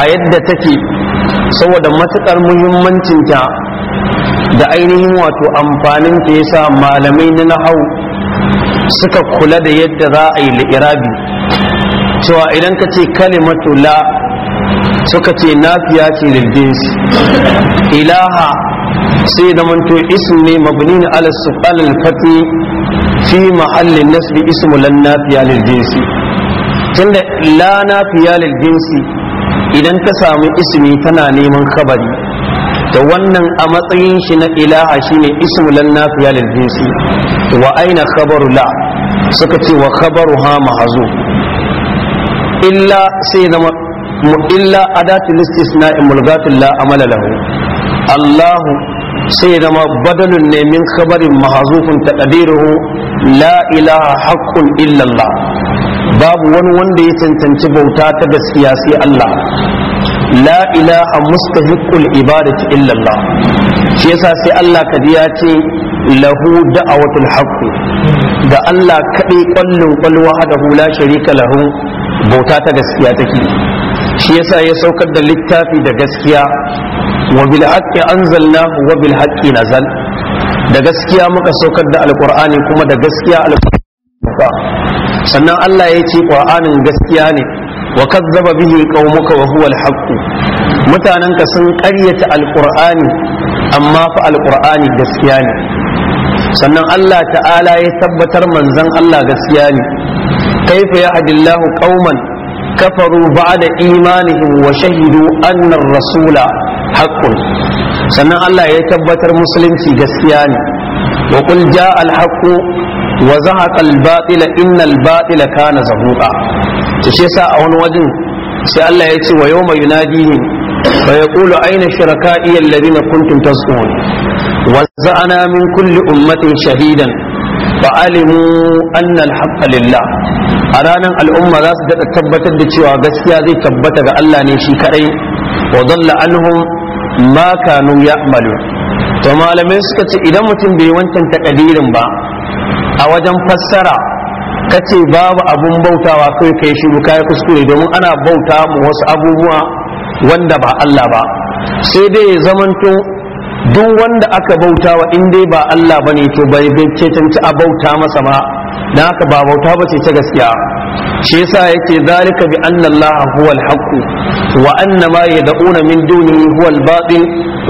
a yadda take saboda matuƙar muhimmancinta da ainihin wato amfanin ta yasa malamai na nahau suka kula da yadda za a yi li'irabi cewa idan ka ce kalimatu la suka ce nafiya ce liljins ilaha sai da manto ism ne mabni na alasufalal fati fi mahallin nasbi ismu lan nafiya liljinsi tunda la na lil jinsi idan ka samu ismi tana neman khabari da wannan a matsayin shi na ilaha shine ismu lan na lil jinsi wa aina khabaru la suka ce wa khabaru ha mahazu illa sai zama illa adatul istisna'i mulgatul la amala lahu Allah sai zama badalun ne min khabarin mahazufun taqdiruhu la ilaha haqqun illa babu wani wanda ya cancanci bauta ta gaskiya sai Allah la ilaha mustahiqul ibadati illa Allah shi yasa sai Allah kadi ya ce lahu da'awatul haqq Da Allah kadai kwallon kwalwa da hula sharika lahu bauta ta gaskiya take shi yasa ya saukar da littafi da gaskiya wa bil haqqi anzalnahu wa bil haqqi nazal da gaskiya muka saukar da alqur'ani kuma da gaskiya alqur'ani sannan Allah ya ce qur'anin gaskiya ne wa kazzaba bihi qaumuka wa huwa al-haqq mutananka sun ƙaryata alqur'ani amma fa alqur'ani gaskiya ne sannan Allah ta'ala ya tabbatar manzon Allah gaskiya ne kaifa yahdillahu qauman kafaru ba'da imanihim wa shahidu anna ar-rasula haqqun sannan Allah ya tabbatar musulunci gaskiya ne wa alhaku jaa al wa zahaqa al batila innal batila kana zahuqa to shi yasa a wani wajen sai Allah ya ce wa yawma yunadihim fa yaqulu aina shuraka'i alladhina kuntum tasqun wa za'ana min kulli ummatin shahidan fa alimu anna al a ranar al'umma za su daɗa tabbatar da cewa gaskiya zai tabbata ga Allah ne shi kaɗai wa dalla anhum ma kanu ya'malu to malamai suka ce idan mutum bai wancan kadirin ba a wajen fassara kace babu abun bautawa kai kai shiru kai kuskure domin ana bauta mu wasu abubuwa wanda ba Allah ba sai dai ya zamanto duk wanda aka bauta wa in dai ba Allah bane to bai bai a bauta masa ba dan haka ba bauta ba ce ta gaskiya shi yasa yace zalika bi anna allaha huwa alhaq wa anna ma yad'una min dunihi huwa albatil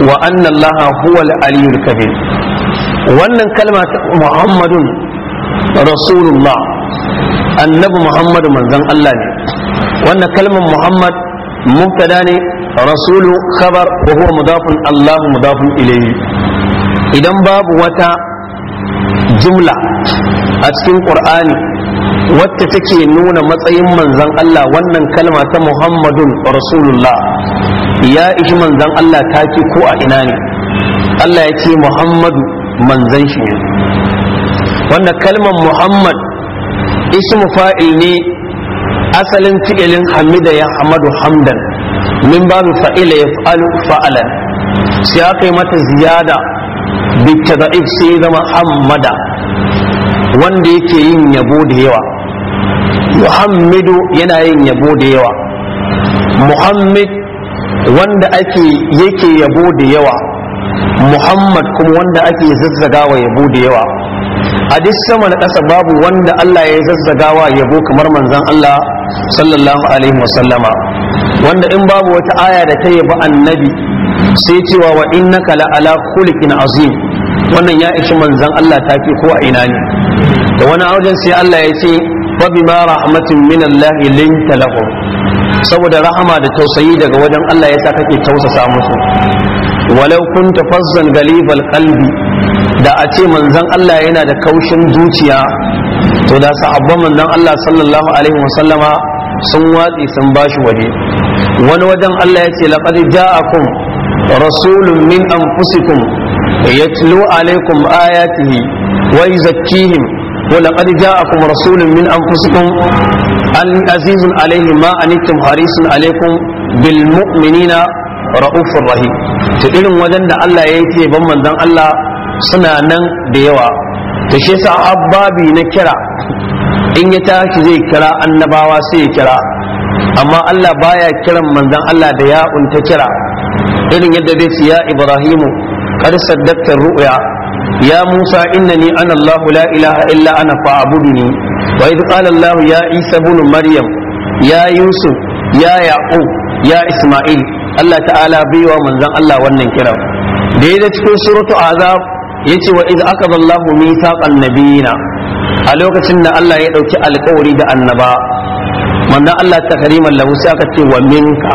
wa anna allaha huwa aliyyul kabir wannan kalma ta muhammadun rasulullah annabi muhammadu manzon Allah ne wannan kalmar muhammad mubtada ne rasulu khabar wa huwa mudafun allah mudafun ilayhi idan babu wata jumla a cikin qur'ani wacce take nuna matsayin manzan Allah wannan kalma ta Muhammadun Rasulullah ya ishi manzan Allah taki ko a ina ne Allah ya ce Muhammadu manzan shi ne wannan kalmar Muhammad ismu fa'il ne asalin fi'ilin hamida ya hamadu hamdan min babu fa'ila ya fa'alu fa'alan sai aka yi mata ziyada bitta da'if sai zama hamada wanda yake yin yabo da yawa muhammadu yana yin yabo da yawa muhammad wanda ake yake yabo da yawa muhammad kuma wanda ake zazzagawa yabo da yawa a duk sama na ƙasa babu wanda Allah ya zazzagawa yabo kamar manzan Allah sallallahu alaihi wasallama wanda in babu wata aya da ta yabi annabi sai cewa wa innaka la ala khuliqin azim wannan ya ishi manzon Allah tafi ko a ina ne da wani wajen sai Allah ya ce فبما رحمة من الله لنت لهم saboda rahama da tausayi daga wajen Allah yasa kake tausasa musu walau kunta fazzan galibal kalbi, da a ce manzon Allah yana da kaushin zuciya to da sahabban manzon Allah sallallahu alaihi wasallama sun watsi sun bashi waje wani wajen Allah ya ce laqad ja'akum rasulun min anfusikum yatlu alaikum ayatihi wa yuzakkihim ولقد جاءكم رسول من أنفسكم عزيز عليه ما أنتم حريص عليكم بالمؤمنين رؤوف رحيم تقولون ودن الله يأتي بمن دن الله سنانا ديوا تشيسا أبابي نكرا in ya tashi zai kira annabawa sai ya kira amma Allah baya kiran manzon Allah da ya kira irin yadda bai saya Ibrahimu kar saddaqta ru'ya ya musa innani ni allah la ilaha illa ana fa'budni wa idh qala allah ya isa bunu maryam ya yusuf ya yaqub ya isma'il allah ta'ala bai wa manzon allah wannan kiran. da yadda cikin suratu azab yace wa aka akada allah mithaqan nabiyina a lokacin da allah ya ɗauki alkawari da annaba manzon allah takriman lahu sai aka ce wa minka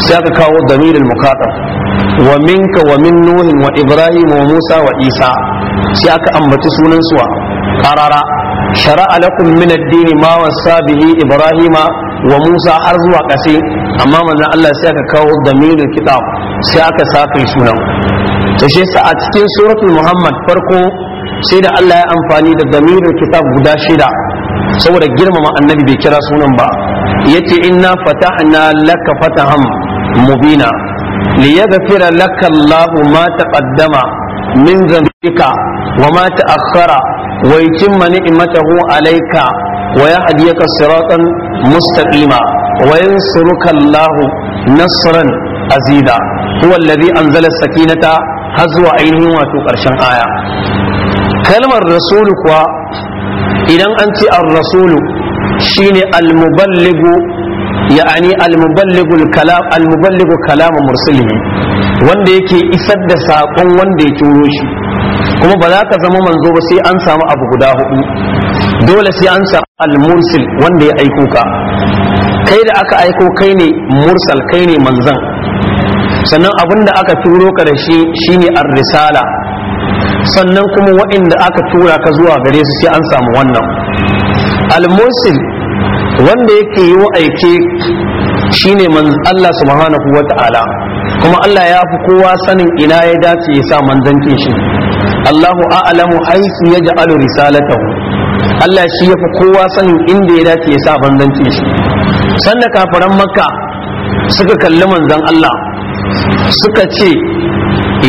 sai aka kawo damirin mukatab wa minka wa min nunin wa ibrahim wa musa wa isa sai aka ambaci sunan suwa qarara shara'a lakum min ad-din ma wasa bihi ibrahima wa musa har zuwa kase amma manzon Allah sai aka kawo damirin kitab sai aka saka sunan to shi sa a cikin suratul muhammad farko sai da Allah ya amfani da damirul kitab guda shida saboda girmama annabi bai kira sunan ba yace inna fatahna laka fatahan mubina liyaghfira laka Allahu ma taqaddama min dhanbika wa mata ma ta'akhkhara wa yutimma ni'matahu alayka wa yahdiyaka siratan mustaqima wa yansuruka Allahu nasran Aziza? huwa alladhi anzala sakinata har zuwa ainihin wato ƙarshen aya kalmar rasulu kuwa idan an ce ar-rasulu shine al-muballighu ya'ani al-muballighul kalam al-muballighu wanda yake isar da sakon wanda ya turo shi kuma ba za ka zama manzo ba sai an samu abu guda hudu dole sai an samu al-mursil wanda ya aiko ka kai da aka aiko kai ne mursal kai ne manzan sannan abin da aka turo ka da shi shine ar-risala sannan kuma waɗanda aka tura ka zuwa gare su sai an samu wannan al-mursil wanda yake yi aike shine man Allah subhanahu wa ta'ala kuma Allah ya fi kowa sanin ina ya dace ya sa manzancin shi Allahu a'lamu haythu yaj'alu risalatahu Allah shi ya fi kowa sanin inda ya dace ya sa manzancin shi sanda kafiran makka suka kalli manzon Allah suka ce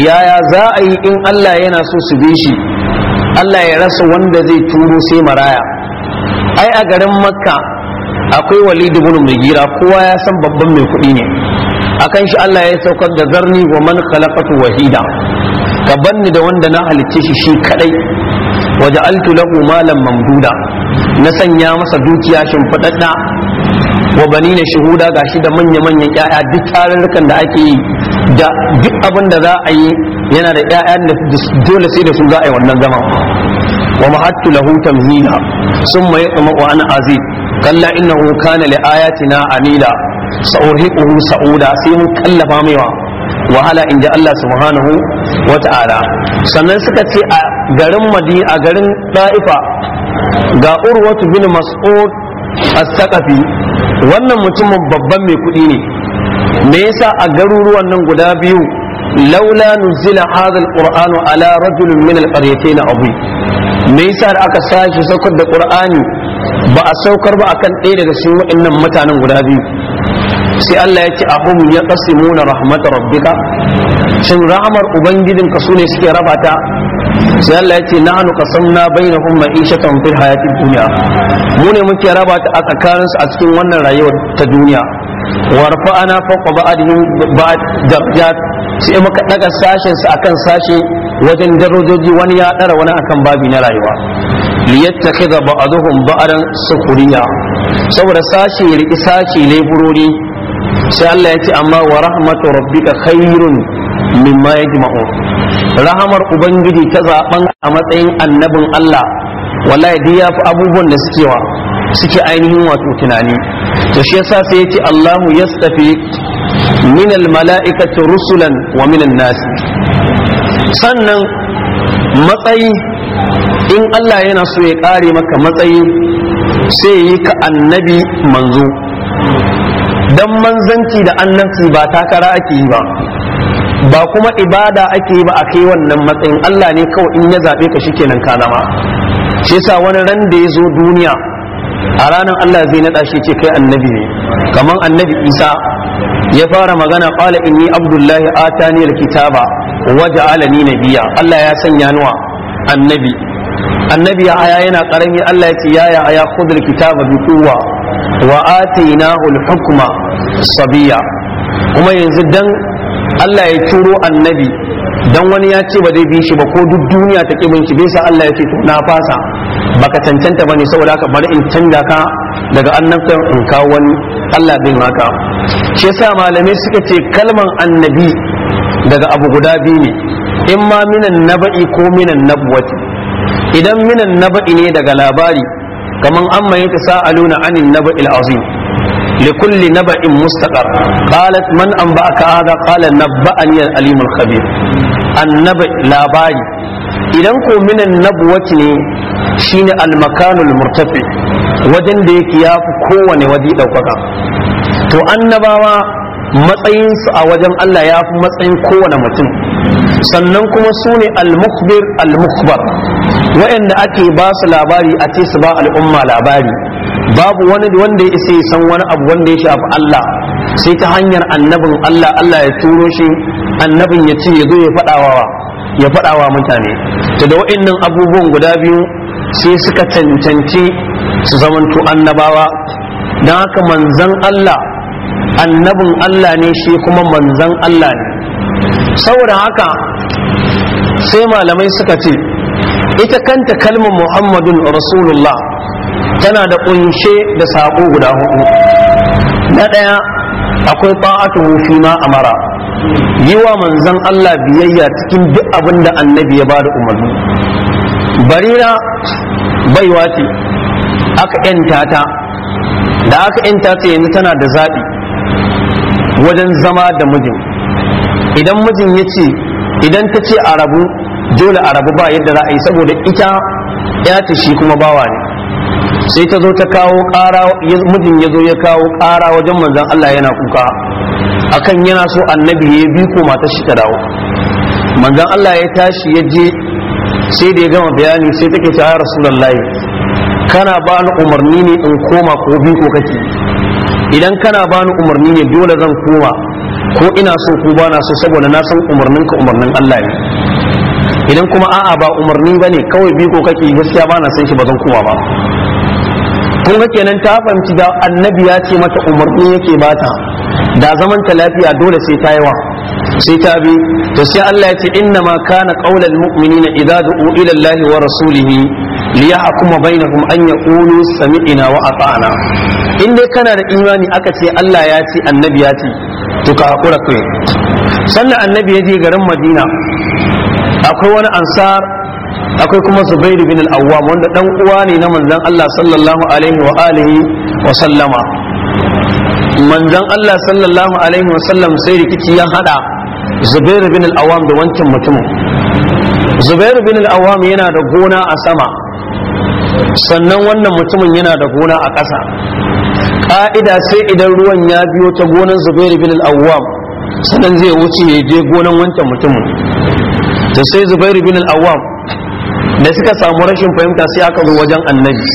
yaya za a yi in Allah yana so su bi shi Allah ya rasa wanda zai turo sai maraya ai a garin makka akwai walid ibn mugira kowa ya san babban mai kuɗi ne akan shi Allah ya saukar da zarni wa man khalaqatu wahida ka banni da wanda na halicce shi shi kadai waje altu lahu malan mamduda na sanya masa dukiya shimfiɗaɗɗa wa bani na shuhuda gashi da manya-manyan ƴaƴa duk tarurrukan da ake yi da duk abin da za a yi yana da ƴaƴan da dole sai da su za a yi wannan zaman. wa mahattu lahu tamhina summa yatma wa ana azid kalla innahu kana li ayatina anila sa'urhiquhu sa'uda sai mun kallafa mai wa wahala inda Allah subhanahu wa ta'ala sannan suka ce a garin madi a garin da'ifa ga urwatu bin mas'ud as-saqafi wannan mutumin babban mai kuɗi ne me yasa a garuruwan nan guda biyu laula nuzila hadha al-qur'anu ala rajulin min al na abu? me yasa da aka sashi saukar da qur'ani ba a saukar ba akan ɗaya daga cikin waɗannan mutanen guda biyu sai Allah ya ce ahum ya qasimuna rahmat rabbika shin rahmar ubangijin ka sune suke raba ta sai Allah ya ce nahnu qasamna bainahum ma'ishatan fil hayati dunya mu ne muke raba ta a tsakanin su a cikin wannan rayuwar ta duniya wa rafa'ana fawqa ba'dihim ba'd darajat sai muka daga sashin su akan sashe wajen darajoji wani ya ɗara wani akan babi na rayuwa liyattakhidha ba'dhum ba'dan sukuriya saboda sashi ya riki sashi leburori sai Allah ya ce amma wa rahmatu rabbika khairun mimma yajma'un rahamar ubangiji ta zaben a matsayin annabin Allah wallahi duk yafi abubuwan da suke wa suke ainihin wato tunani to shi yasa sai ya ce Allahu yastafi min al-mala'ikati rusulan wa min an-nas sannan matsayi in Allah yana so ya ƙare maka matsayi sai yi ka annabi manzo Dan manzanci da annabci ba takara ake yi ba ba kuma ibada ake yi ba a kai wannan matsayin Allah ne kawai in ya zaɓe ka shikenan ka kanama. shi yasa wani ran da ya zo duniya a ranar Allah zai naɗa shi ce kai annabi ne kamar annabi Isa ya fara magana qala inni abdullahi atani kitaba. na biya. Allah ya sanya nuwa annabi annabi ya aya yana karami Allah ya ce ya ya aya khudul kitaba bi quwwa wa atainahu hukma sabiya kuma yanzu dan Allah ya turo annabi dan wani ya ce ba zai bi shi ba ko duk duniya ta ki shi bai sa Allah ya ce to na fasa baka cancanta bane saboda haka bari in canja ka daga annabtan in kawo wani Allah bin haka shi yasa malamai suka ce kalman annabi daga abu guda biyu ne in ma minan naba'i ko minan nabwati idan minan naba'i ne daga labari kaman an mai ta sa'aluna anin naba'il azim likulli naba'in mustaqar qalat man anba'aka hada qala nabba'ani al-alim al-khabir annabi labari idan ko minan nabwati ne shine almakanul murtafi wajen da ya yafi kowane waje ɗaukaka, to annabawa matsayinsu a wajen Allah ya fi matsayin kowane mutum sannan kuma su ne al-mukhbir al-mukhbar waɗanda ake ba su labari a ce su ba al'umma labari babu wani wanda ya isa ya san wani abu wanda ya shafi Allah sai ta hanyar annabin Allah Allah ya turo shi annabin ya ce ya zo ya faɗawa ya faɗawa mutane to da waɗannan abubuwan guda biyu sai suka cancanci su zamanto annabawa don haka manzon Allah annabin Allah ne shi kuma manzan Allah ne saboda haka sai malamai suka ce ita kanta kalmar muhammadun rasulullah tana da kunshe da saƙo guda hudu na ɗaya akwai ta'atu fi ma amara yi wa manzan Allah biyayya cikin duk abin da annabi ya bada umarni barira baiwa ce aka yanta ta da aka yanta ta yanzu tana da zaɓi wajen zama da mijin idan mijin ya ce idan ta ce arabu dole arabu ba yadda za a yi saboda ita ya ta shi kuma bawa ne sai ta zo ta kawo kara mijin ya zo ya kawo ƙara wajen manzan Allah yana kuka akan yana so annabi ya bi ko mata shi ta dawo manzan Allah ya tashi ya je sai da ya gama bayani sai take ta ya rasulullahi kana ba ni umarni ne in koma ko bi ko kake idan kana bani umarni ne dole zan koma ko ina so ko bana so saboda na san umarnin ka umarnin Allah ne idan kuma a'a ba umarni bane kawai biko kake gaskiya ba na san shi ba zan koma ba kun ga kenan ta fahimci da annabi ya ce mata umarni yake bata da zaman ta lafiya dole sai ta yawa sai ta bi to sai Allah ya ce inna ma kana qaulal mu'minina idza du'u ila Allah wa rasulihi liya kuma bainahum an yaqulu sami'na wa ata'na in dai kana da imani aka ce Allah ya ce annabi ya ce to ka haƙura kai sannan annabi ya je garin Madina akwai wani ansar akwai kuma Zubair bin al-Awwam wanda ɗan uwa ne na manzan Allah sallallahu alaihi wa alihi wa sallama manzan Allah sallallahu alaihi wa sallam sai rikici ya haɗa Zubair bin al-Awwam da wancan mutumin Zubair bin al-Awwam yana da gona a sama sannan wannan mutumin yana da gona a ƙasa ƙa'ida sai idan ruwan ya biyo ta gonan zubairu bin al'awwam sannan zai wuce ya je gonan wancan mutumin da sai zubairu bin al'awwam da suka samu rashin fahimta sai aka zo wajen annabi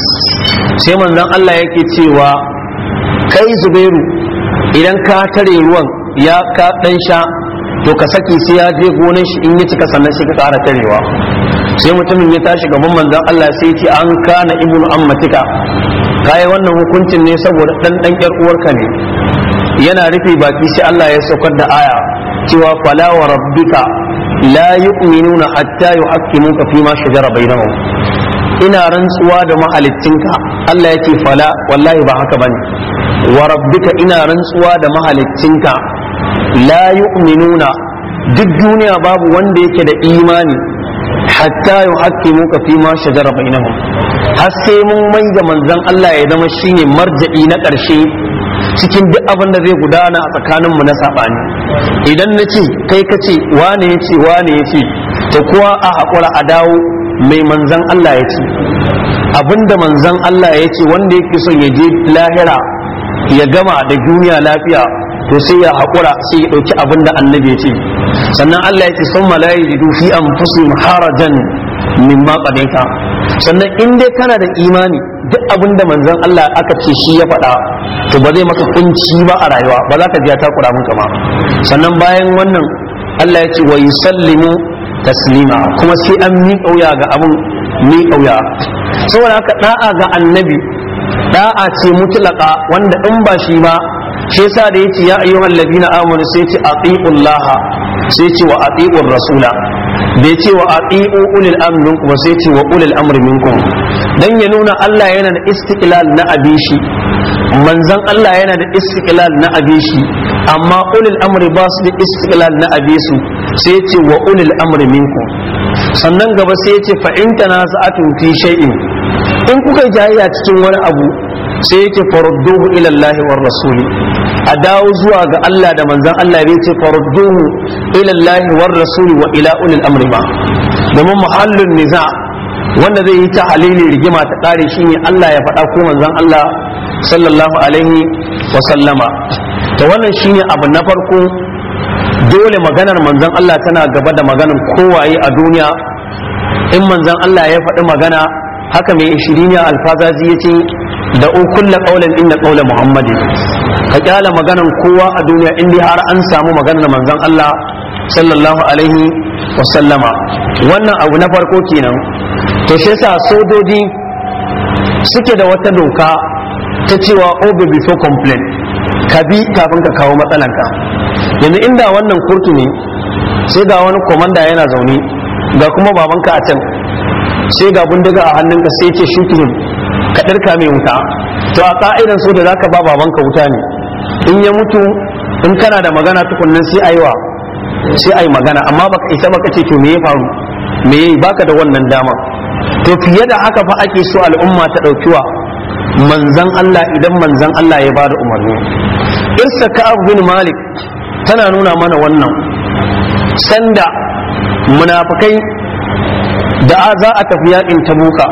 sai manzon Allah yake cewa kai zubairu idan ka tare ruwan ya ka dan sha to ka saki sai ya je gonan shi in ya cika sannan shi ka ƙara tarewa sai mutumin ya tashi gaban manzon Allah sai ce an kana ibnu ammatika kai wannan hukuncin ne saboda dan dan yar uwarka ne yana rufe baki sai Allah ya saukar da aya cewa fala wa rabbika la yu'minuna hatta yuhaqqimuka fi ma shajara bainahum ina rantsuwa da mahalittinka Allah ya ce fala wallahi ba haka bane wa rabbika ina rantsuwa da mahalittinka la yu'minuna duk duniya babu wanda yake da imani hatta muka fi ma shajara bainahum har sai mun mai ga manzon Allah ya zama shine marja'i na ƙarshe cikin duk abin da zai gudana a tsakanin mu na sabani idan na nace kai kace wane ya ce wane ya ce to kuwa a hakura a dawo mai manzon Allah ya abin abinda manzon Allah ya yace wanda yake son ya je lahira ya gama da duniya lafiya to sai ya hakura sai ya dauki abinda annabi ya yace sannan Allah ya ce sun malayi da dufi an fusi harajan min maƙadaita sannan in dai kana da imani duk abin da manzon Allah aka ce shi ya faɗa to ba zai maka kunci ba a rayuwa ba za ka ji ta kura mun kama sannan bayan wannan Allah ya ce wa yusallimu taslima kuma sai an miƙa wuya ga abin miƙa wuya saboda haka da'a ga annabi da'a ce mutlaka wanda in ba shi ba shi yasa da yace ya ayyuhal ladina amanu sai ce atiqullaha sai ce wa rasula bai ce wa ati'u ulil sai ce wa ulil minkum dan ya nuna Allah yana da istiqlal na abishi manzon Allah yana da istiqlal na abishi amma ulil amri ba su da istiqlal na abisu sai ce wa ulil amri minkum sannan gaba sai ya ce fa in tanaza'atun fi shay'in in kuka jayya cikin wani abu sai yake farudduhu ila Allah war rasuli a dawo zuwa ga Allah da manzan Allah bai ce farduhu ila Allah war rasul wa ila ulil amri ba domin muhallin niza wanda zai yi ta halili rigima ta kare shine Allah ya faɗa ko manzan Allah sallallahu alaihi wa sallama to wannan shine abu na farko dole maganar manzan Allah tana gaba da maganar kowaye a duniya in manzan Allah ya faɗi magana haka mai a alfazazi ya ce da u kulla qaulan inna qaula muhammadin ka kyala maganan kowa a duniya in har an samu maganar manzon Allah sallallahu alaihi wa sallama wannan abu na farko kenan to sai sa sojoji suke da wata doka ta cewa obey before complain ka bi kafin ka kawo matsalan ka yanzu inda wannan kurtu ne sai ga wani komanda yana zaune ga kuma babanka a can sai ga bindiga a hannunka sai ce shoot ka ɗarka mai wuta to a ka'idan so da ka ba babanka wuta ne in ya mutu in kana da magana tukunnan sai wa sai yi magana amma baka isa baka ce to me ya faru me ya yi ba ka da wannan dama to fiye da haka fa ake so al'umma ta ɗauki wa manzan Allah idan manzan Allah ya bada umarni irsa ka'ab bin malik tana nuna mana wannan sanda munafukai da za a tafi yakin tabuka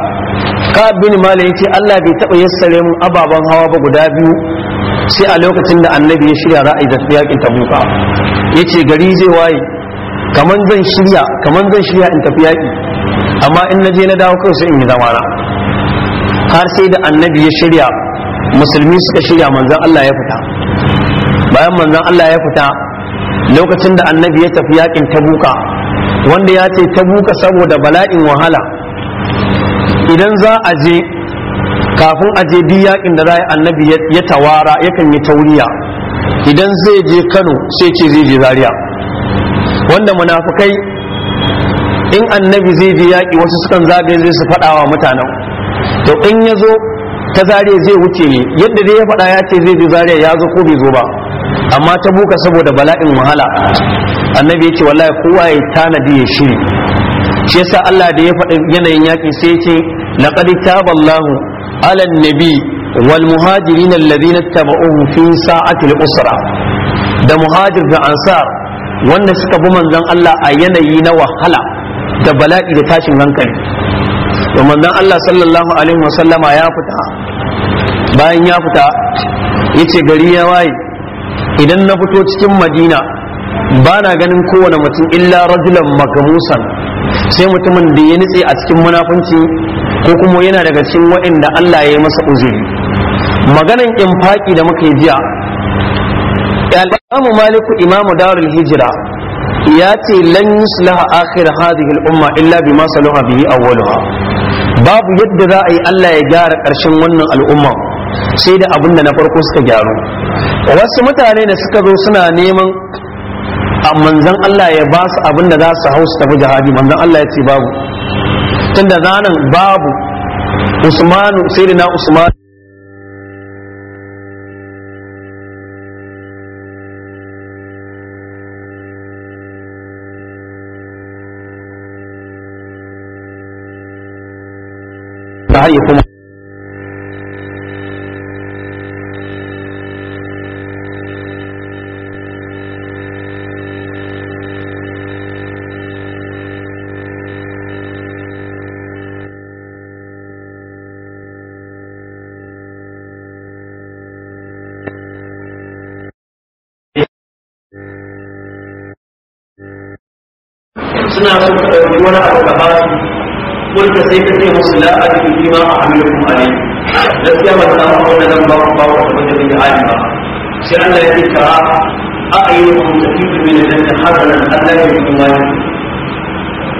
aka bin malin ce Allah bai taɓa yassare mun ababen hawa ba guda biyu sai a lokacin da annabi ya shirya ra'ayi da yakin tabuka ya ce gari zai waye kaman zan shirya kaman zan shirya in tafi yaƙi amma in na je na dawo kawai sai in yi zamana har sai da annabi ya shirya musulmi suka shirya manzan Allah ya fita bayan manzan Allah ya fita lokacin da annabi ya tafi yaƙin tabuka wanda ya ce tabuka saboda bala'in wahala idan za a je kafin a je bi yakin da za annabi ya tawara yakan yi tauriya idan zai je kano sai ce zai je Zariya. wanda munafukai in annabi zai je yaƙi wasu sukan zagaye zai su faɗa wa mutanen to in ya zo ta zariya zai wuce ne yadda dai ya faɗa ya ce zai je zariya ya zo ko bai zo ba amma ta buka saboda bala'in wahala annabi ya ce wallahi kowa ya tanadi ya shiri shi yasa Allah da ya faɗi yanayin yaƙi sai ya ce laqad taballahu ala nabi wal muhajirin alladhina tabauhu fi sa'atil usra da muhajir da ansar wanda suka bi manzon Allah a yanayi na wahala da bala'i da tashin hankali to manzon Allah sallallahu alaihi wasallama ya fita bayan ya fita yace gari ya waye idan na fito cikin madina ba na ganin kowane mutum illa rajulan makamusan sai mutumin da ya nitse a cikin munafunci ko kuma yana daga cikin waɗanda Allah ya yi masa uzuri maganan infaki da muka yi jiya al-imamu maliku imamu darul hijira ya ce lan yuslaha akhir hadhihi al-umma illa bima salaha bihi awwalaha babu yadda za a yi Allah ya gyara ƙarshen wannan al'umma sai da abin da na farko suka gyaru wasu mutane da suka zo suna neman manzan Allah ya ba su abin da za su hau su tafi jihadi manzan Allah ya ce babu tunda zanen babu Usmanu sai na Usman ɗauki wani abu ka ba su kulta sai ka ce musu la a cikin kima a hamilukum alai gaskiya ba ta samu wanda zan ba ku ba ku wata bin da ba sai Allah ya ce ka a a yi ayyukum tafiyu min aljanna hasanan Allah ya yi ne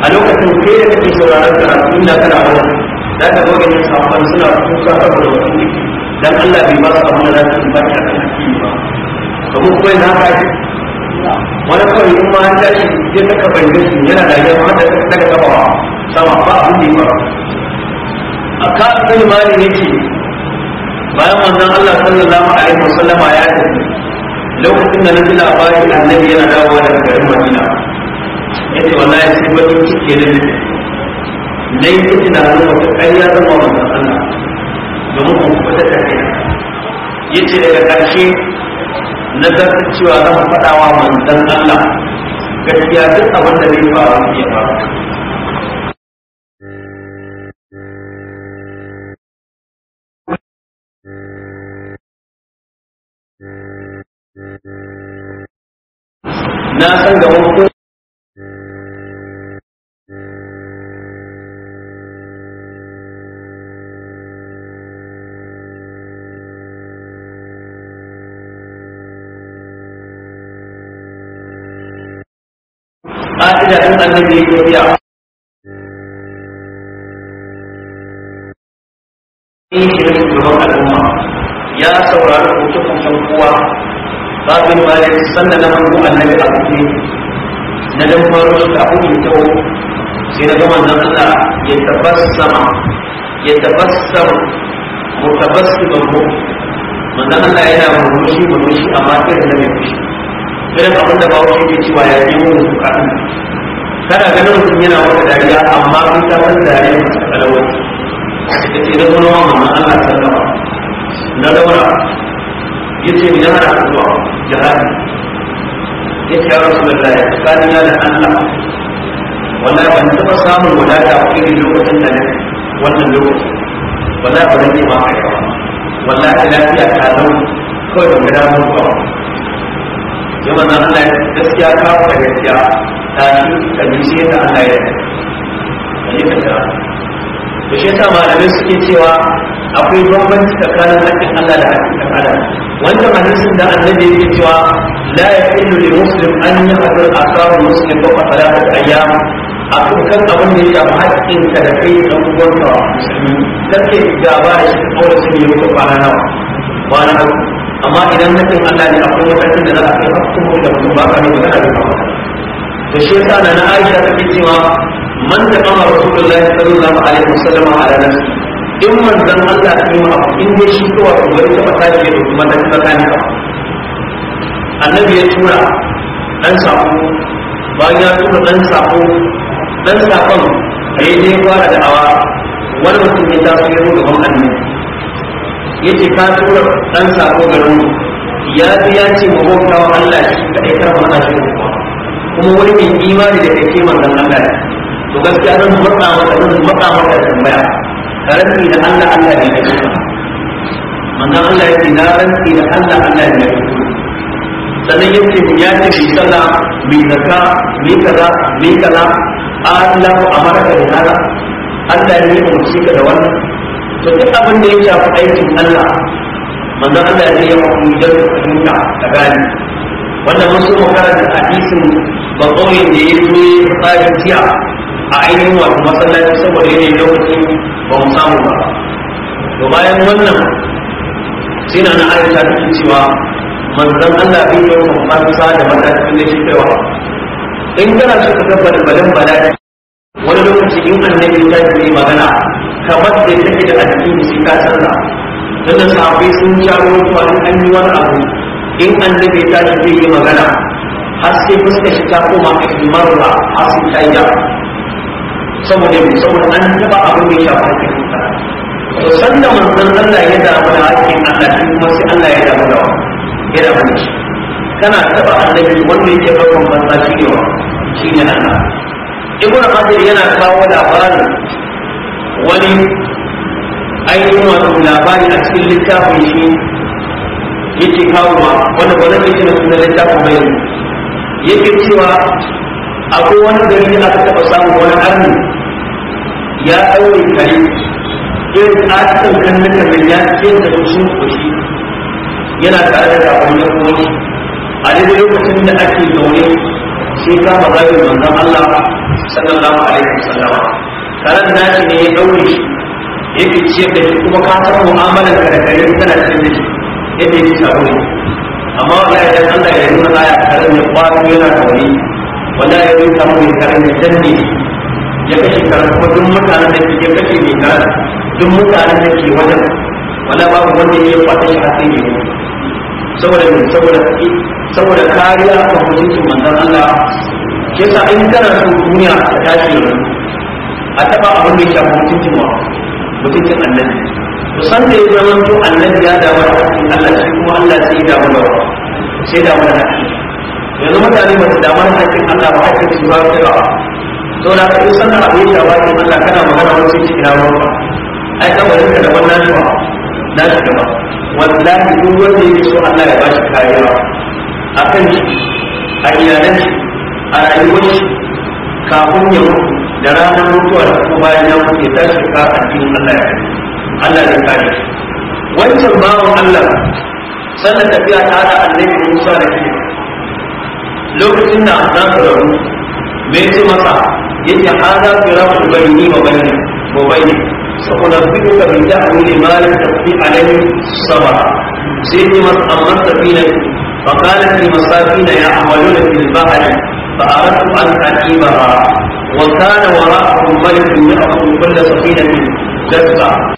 a lokacin ke da kake sauraron karatu inda kana wani da ka goge ne sakon suna kuka saboda wani dan Allah bai ba su abin da za su yi ba ta ba kuma kuma yana haka wani kawai in ma ya tashi ya saka bangashi yana da yawa wanda ta daga sama sama ba abin da ya faru a kafin kalmani yake bayan wannan Allah sallallahu alaihi wasallam ya tafi lokacin da na ji labarin annabi yana dawowa daga garin Madina yace wallahi sai bakin ciki ne na yi ciki na zuwa ta ƙarya zama wannan Allah domin ku fita ta Ya ce daga ƙarshe na zartar cewa za mu faɗa wa manzan Allah gaskiya duk abin da zai faru ya faru na san gaban annabi ya tafiya shirin shugaban al'umma ya saurari kuce-kucen kowa ba ya sannan na hangu annabi a kuke na dan faro da kuke kyau sai na gama nan Allah ya tabassama ya tabassama mutabassiman mu manzon Allah yana murmushi murmushi amma irin na mai fushi irin abin da bawo yake cewa ya yi mun bukatun kana ganin mutum yana wata dariya amma sun ta wata dariya a lawar da ke da wani wani na Allah sallama na lawara ya ce ya hana zuwa jihadi ya ce yawon rasu da dariya tsakaniya da Allah ya ban taɓa samun wadata a kiri lokacin da ne wannan lokacin wala ba zan yi ma kai ba wala lafiya ta lau kawai ban ga damar zuwa ya manzan Allah ya gaskiya ka fara gaskiya ta shi ka bishe ta Allah ya yi ka jira to shi yasa malamai suke cewa akwai bambanci tsakanin hakkin Allah da hakkin ta'ala wannan hadisin da annabi yake cewa la yahillu lil muslim an yahdhur asar muslim fa salatu ayyam a kan abin da ya shafi hakkin ka da kai dan uwanka musulmi kake gaba da shi kawai sai ya kwana nawa kwana uku amma idan na cin Allah ne akwai matakin da za a kai kuma da kuma ba ne da kuma ba to shi yasa na Aisha take cewa man da kama Rasulullahi sallallahu alaihi wasallam ala nafsi in manzon Allah ya yi abu in dai shi kowa ko ta fata tashi da kuma da kani ba annabi ya tura dan sako bayan ya tura dan sako dan sakon da ya je fara da awa wani mutum ya taso ya rubuta gaban annabi ya ce ka tura ɗan sako garin ya ji ya ce ma bauta wa Allah shi kaɗai karfa na shi kuma wani mai imani da kake manzan Allah ne to gaskiya zan matsa maka zan matsa maka tambaya ka rantsi da Allah Allah ne ya ce manzan Allah ya ce na rantsi da Allah Allah ne ya ce sannan ya ce ya ce mai sallah mai zakka mai kaza mai kaza Allah ku ka da hada Allah ne ya umarci ka da wannan to duk abin da ya shafi aikin Allah manzo Allah ya yi mu jar fahimta ka gani wannan mun so hadisin ba kauyen da ya zo tsarin jiya a ainihin wato masallaci saboda yanayin lokacin ba mu samu ba to bayan wannan sai na aisha take cewa manzon Allah bai yi wa mafisa da matakin da shi kaiwa in kana so ka tabbata balan balan wani lokaci in annabi ya yi magana kamar da take da addini sai ka canza don da sahabbai sun jawo ruwa in an yi wani abu in an dabe ta shi zai yi magana har sai fuskar shi ta koma ka marwa har sai ta yi saboda mai saboda an taba abin da ya shafi to sanda manzon Allah ya damu da hakkin Allah shi kuma sai Allah ya damu da ya damu da shi kana taba annabi wanda yake farkon banza shi ne wa shi ne Allah ibn Hajar yana kawo labarin wani ainihin wato labari a cikin littafin shi yake kawo ma wanda ba zan na sunan littafin mai yake cewa akwai wani gari da aka taɓa samun wani arni ya ɗaure kare irin tsatikan kannukan nan ya ce da su kushi yana tare da rabon ya uwansu a daidai lokacin da ake zaune sai kama zagin manzan Allah sallallahu alaihi wasallam karan nashi ne ya daure shi yake ciyar da shi kuma ka san mu'amalar ka da gare tana cikin da shi yadda shi sabo ne amma wallahi dan Allah ya nuna aya karan ya kwato yana tauri wallahi ya yi samu mai karan ya danne ya kashe karan kuma duk mutanen da ke kashe mai karan duk mutanen da ke wajen wala babu wanda ya kwata shi hasiri ne saboda saboda kariya a hukuncin manzon Allah yasa in kana so duniya ta tashi ne. a taba abin da ya shafi mutuncin wa mutuncin annabi to san da ya zama to annabi ya damu da Allah shi kuma Allah sai ya damu da sai damu da yanzu mutane ba su damu da hakkin Allah ba hakkin su ba su ba to na ka san da abin da wani Allah kana magana wani sai kira ba ai bari ka da wannan ba na shi ba wallahi duk wanda yake so Allah ya ba shi kariya akan shi a iyalan shi a rayuwar kafin ya mutu da ranar mutuwa da kuma bayan ya mutu ta tashi ka addinin Allah ya Allah ya kare wancan bawon Allah sannan tafiya ta da annabi Musa da ke lokacin da za su rabu me ce masa yake hada firafu bayni ba bayni wa bayni saboda biyu ka bin da wani malin tafi alai saba. sai ne masa amma safina fa kana fi masafina ya amaluna fil bahri فأردت أن أجيبها وكان وراءهم ملك يأخذ كل سفينة جذبة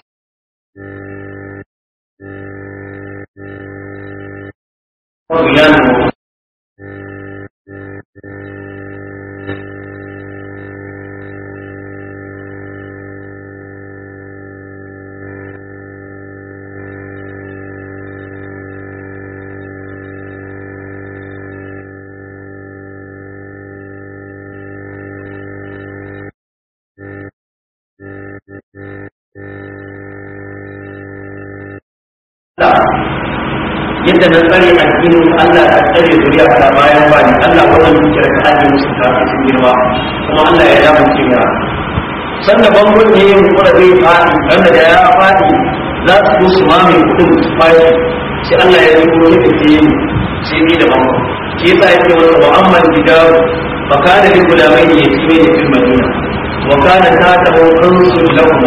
yadda na tsare addinin Allah ta tsare zuriya ta bayan bani Allah ko wani kira ta aje musu ta fi girma kuma Allah ya damu kira sannan bangon ne yin kura zai fadi wanda da ya fadi za su zo su mame kudin su fadi sai Allah ya zubo ni da ke sai ni da bangon ke yasa yake wani mu'amman gidaru fa kana li gulamai yatimin fil madina wa kana ta ta'awun lahu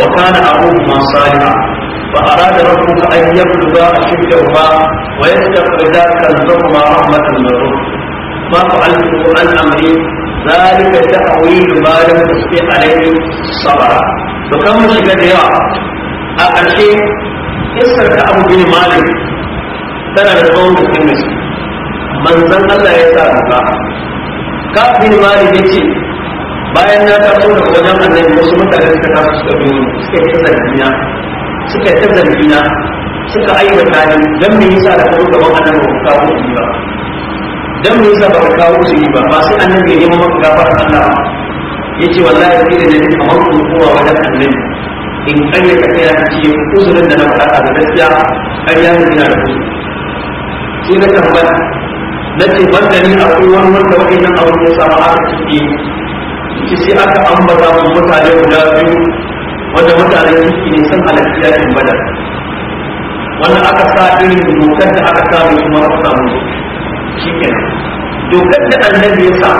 wa kana abubuwan salihah فأراد ربك أن يبلغ أشدهما ويستخرج كنزهما رحمة من ربك ما فعلت عن أمري ذلك تأويل ما لم تسبق عليه صبرا فكم شيء يا أكشي يسرك أبو بن مالك ترى القوم بالنسبة من ظن الله يسرك بن مالك يتي bayan na taso da wajen annabi wasu mutane suka taso suka biyo suka yi kasar duniya suka ta na, suka aiwata ni dan me yasa da kawo gaban annabi ba kawo su ba dan me yasa ba kawo su ba ba sai annabi ya yi maka gafara Allah yace wallahi sai da nabi kamar ku kowa wajen annabi in kare ka kai ka ce uzurin da na faɗa da gaskiya har ya ina da ku sai na tambaya na ce banda ni akwai wani wanda wa'annan abin ya samu aka ciki sai aka ambata mutane guda biyu wanda mutane suke ne sun halarci yakin badar wanda aka sa irin dokar da aka samu ma aka samu shi kenan dokar da annabi ya sa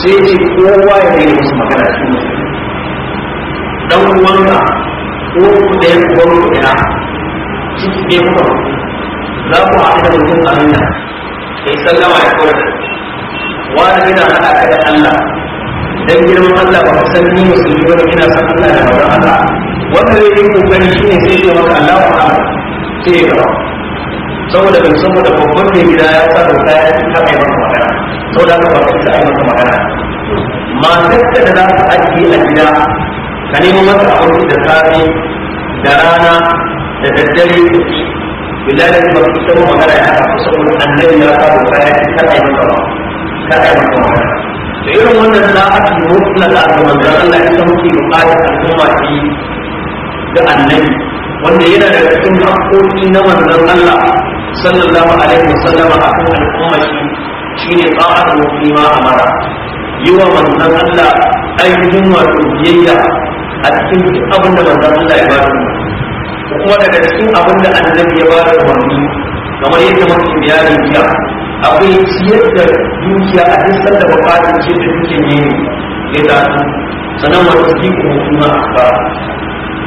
sai ce kowa ya yi musu magana cikin ne dan uwanka ko ku da yan uwan ku ina ciki ɗaya kuma, za ku haɗu da mutum a nan da ya sallama ya kawar da wani gina haɗa ka da Allah dan girman Allah ba san ni musulmi wani ina san Allah da wani Allah wanda zai yi kokari shine sai ya maka Allah wa Allah sai gaba saboda ban da babban mai gida ya sa doka ya ta kai maka magana saboda ka ba ta yi maka magana dukkan da za ta a gida ka nemo masa abinci da safe da rana da daddare bilalin ba ku san magana ya haka saboda annabi ya sa doka ya ta kai maka magana da irin wannan na ake mutu na da da Allah ya sauke bukatar al'umma shi da annabi wanda yana da cikin haƙoƙi na manzan Allah sallallahu alaihi wasallama a kan al'umma shi shine tsara mutu ma amara yi wa manzan Allah ainihin wato biyayya a cikin abin da manzan Allah ya ba kuma daga cikin abin da annabi ya ba da wani kamar yadda mafi biyani biya akwai ciyar da dukiya a hisar da bakwatin ce da dukiyan ne ya tafi sannan wani ji ko kuma ba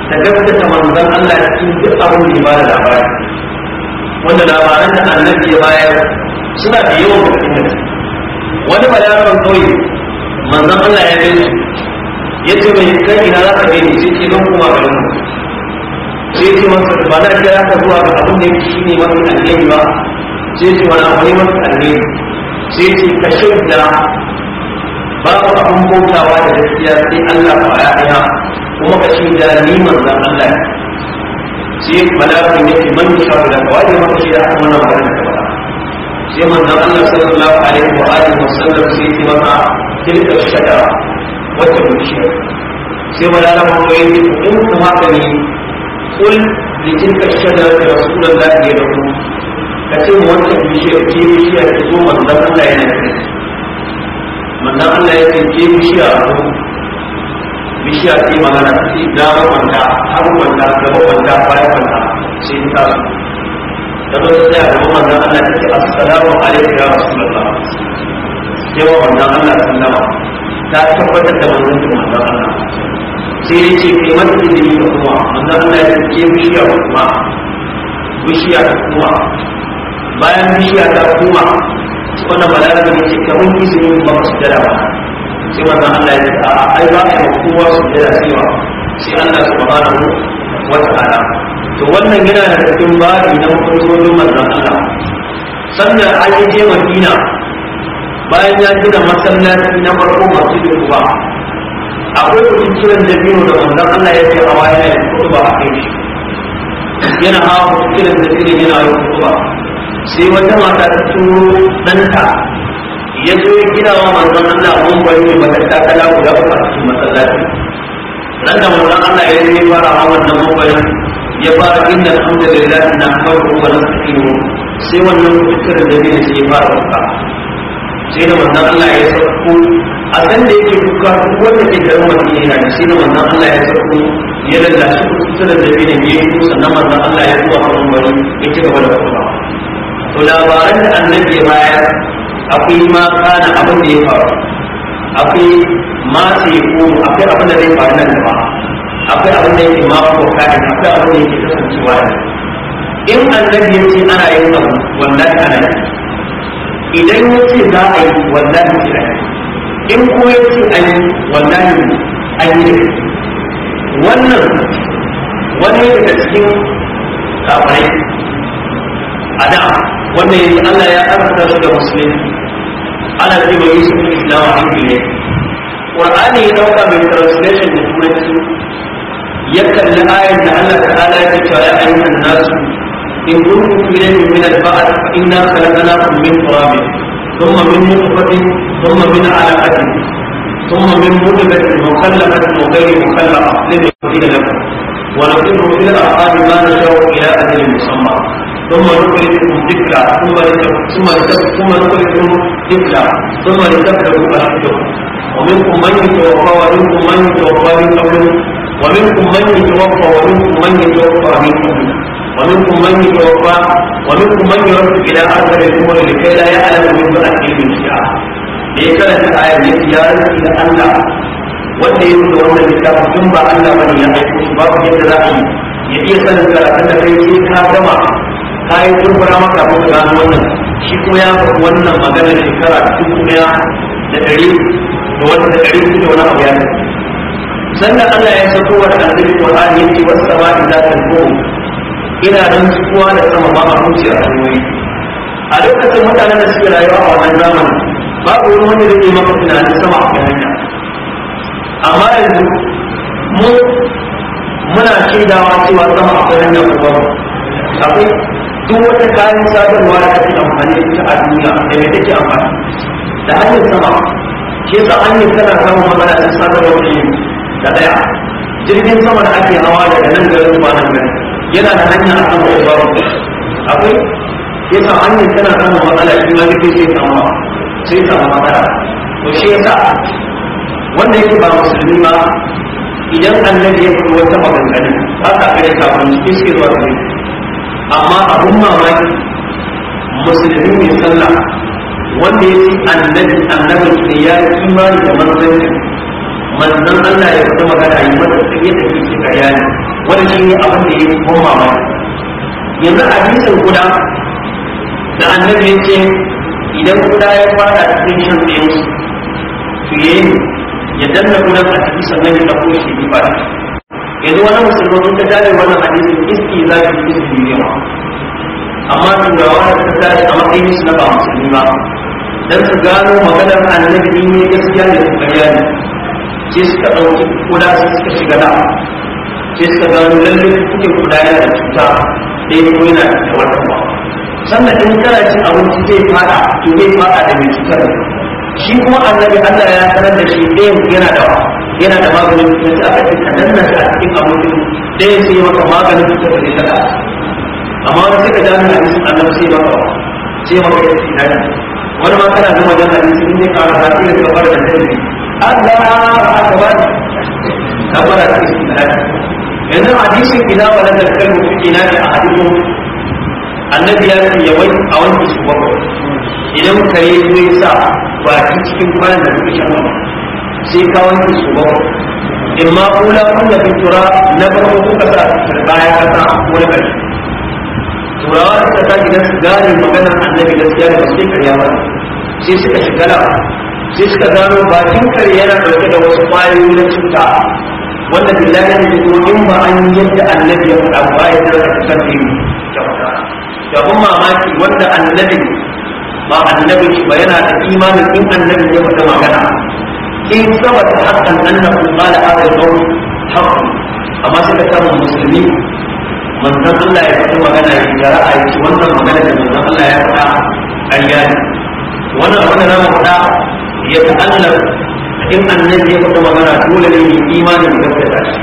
ta gaskata manzon Allah cikin duk abin da ba da labari wanda labaran da annabi ya bayar suna da yawan gaskiya wani bayanan kauye manzon Allah ya ce. ya ce mai kai ina za ka gani sai ke don kuma garin sai ce masa ba na kira ka zuwa ga abin da yake shi ne mafi alheri ba sai ce wani abu ne mafi alheri sai ce ka shaida babu abin bautawa da gaskiya sai Allah ba ya ɗaya kuma ka shaida ni manzan Allah sai malakun yake man shaɗu da kawai da shi da a wannan barin da ba sai manzan Allah sallallahu alaihi wa alihi wa sallam sai ce maka tilka shajara wata bishiyar sai malakun ya yi in kuma ka ne kul لتلك الشجرة رسول الله يدعو ka ce mu wancan bishiyar ke bishiya ta zo manzan Allah yana da manzan Allah ya ce ke bishiya ko bishiya ce magana ta ce damar wanda har wanda gaba wanda bayan wanda sai ta taso da ba su tsaya gaba manzan Allah ta ce assalamu alaikum ya rasulullah sai wa wanda Allah sallama ta tabbatar da manzan manzan Allah sai ya ce kai mata ilimi da kuma manzan Allah ya ce ke bishiya kuma bishiya ko kuma bayan bishiya ta kuma wannan balaga da yake kamar izinin ba su jira ba sai wanda Allah ya ta ai ba ka kowa su jira cewa sai Allah subhanahu wa ala. to wannan yana da cikin babi na mutum manzon Allah sanda an yi je Madina bayan ya gina masallaci na farko masjidin Quba akwai mutum kiran da biyu da manzon Allah ya ce a waye ne ba a kai shi yana hawa kiran da biyu yana yi kutuba sai wata mata da turo ɗanta ya zo ya gina wa manzon Allah mun bayu mai mata ta kala guda ba a cikin masallaci ran da manzon Allah ya yi fara hawan wannan mun ya fara inna alhamdulillah na farko wa nasiru sai wannan dukkan da ne sai ya fara wanka sai da manzon Allah ya sauko a kan da yake kuka wanda ke garin madina ne sai da manzon Allah ya sauko ya su kusa da dabi ne biyu sannan manzon Allah ya zuwa hannun bari ya ci gaba da kuma to labaran da annabi ya bayar akwai ma kana abin da ya faru akwai ma sai ko akwai abin da zai faru nan gaba akwai abin da yake ma ko kai akwai abin da yake kasancewa in annabi ya ce ana yin abu wallahi ana yi idan ya ce za a yi wallahi ce ana yi in ko ya ce a yi wallahi a yi wannan wani daga cikin kafirai a da wanda yanzu Allah ya karanta shi da musulunci ana ce mai yusuf islam a ingila qur'ani ya dauka mai translation da turanci ya kalli ayar da Allah ta'ala ya ce ya ayyukan nasu in kuntum fi min al-ba'd inna khalaqnakum min turab ثم من نطفة ثم من علقة ثم من مدبة مخلقة وغير مخلقة لنبين لكم ونقره في الأعقاب ما نشاء إلى أجل مسمى ثم نقلكم ذكرى ثم ثم ثم نقلكم ذكرى ثم لتبلغوا أشدكم ومنكم من يتوفى ومنكم من يتوفى من قبل ومنكم من يتوفى ومنكم من يتوفى من قبل ومنكم من يتوفى ومنكم من يرد إلى أرض الأمور لكي لا يعلم من بعد علم الشيعة ليس لك آية يا إلى أن wanda ya rubuta wannan littafin tun ba Allah bane ya aiko shi babu yadda za a yi ya iya sanin karatun da kai sai ka gama bayan kurkura maka abin gano wannan shi kuma ya faɗi wannan maganar shekara dubu ɗaya da ɗari da wata da ɗari da wani abu ya sannan Allah ya sako wa annabi Qur'ani ce wasu sama da ta ko ina nan kuwa da sama ba a mutu a hanyoyi a lokacin mutanen da suke rayuwa a wannan zamanin babu wani wanda zai yi maka tunanin sama a hanya amma yanzu mu muna shaidawa cewa sama a hanya kuma akwai duk wata kayan sadarwa da ake amfani da ita a duniya da mai take amfani da hanyar sama ke sa hanyar tana samun magana da sadarwa ne yin da daya jirgin sama da ake hawa daga nan garin kwanan nan yana da hanya a kan wajen babu akwai ke sa hanyar tana samun magana shi ma duk sai samu sai samu magana to shi sa wanda yake ba musulmi ma idan annabi ya fi wata maganganu haka kare sabon iske zuwa gare amma abun mamaki musulmi mai sallah wanda ya ce annabi annabi ne ya yi imani da manzanci manzan Allah ya zama magana yi mata sai ya ke shi kariya ne wanda shi ne abin da ya yi kuma mamaki yanzu a bisan kuda da annabi ya ce idan kuda ya fara cikin shan tsayin su ya yi ya danna kudan a cikin sannan ya ɗauko shi bi ba yanzu wani musulman ta tare wannan hadisin iski za ka yi iski ne ma amma turawa da ta tare a matsayin su na ba musulmi ba dan su gano maganar annabi ne gaskiya ne su karya ne sai suka ɗauki kuda su suka shiga da sai suka gano lalle kuke kuda yana da cuta ɗaya ko yana da wata ba sannan in kana cin abinci zai fada to zai fada da mai cutar shi kuma annabi Allah ya sanar da shi ɗayan yana da wa yana da maganin cutar da aka ce kadan na a cikin abincin da ya sai maka maganin cutar da ya kada amma wani suka ja na hadisin annabi sai maka sai maka ya tsina wani ma kana zama jan hadisin ne ƙara ta iya gaba da dandamin Allah akbar kabbara ta istina yanzu hadisin ina wala da kalmu ina da a hadisin annabi ya ce ya wai a wani su bakwai idan kare zai sa ba cikin kwanan da suke ba. sai ka wanke su ba in ma kula kunna bin tura na farko ka sa bayan kasa a na ƙarshe turawa suka sa gidan su gane maganar annabi gaskiya da gaske karya ba sai suka shigala sai suka gano bakin kare yana ɗauke da wasu ƙwayoyi na cuta wanda billahi ne ko in ba an yadda annabi ya faɗa ba ya tara da kasafi da abun mamaki wanda annabi ba annabi ba yana da imanin in annabi ya faɗa magana in saba ta haƙƙan annabi qala hadha al-qawl hakan amma sai ka samu musulmi manzon Allah ya fi magana ya a yi wannan magana da manzon Allah ya faɗa ƙarya ne wannan abin da zamu faɗa ya ta'allaf in annabi ya faɗi magana dole ne mu imanin gaskata shi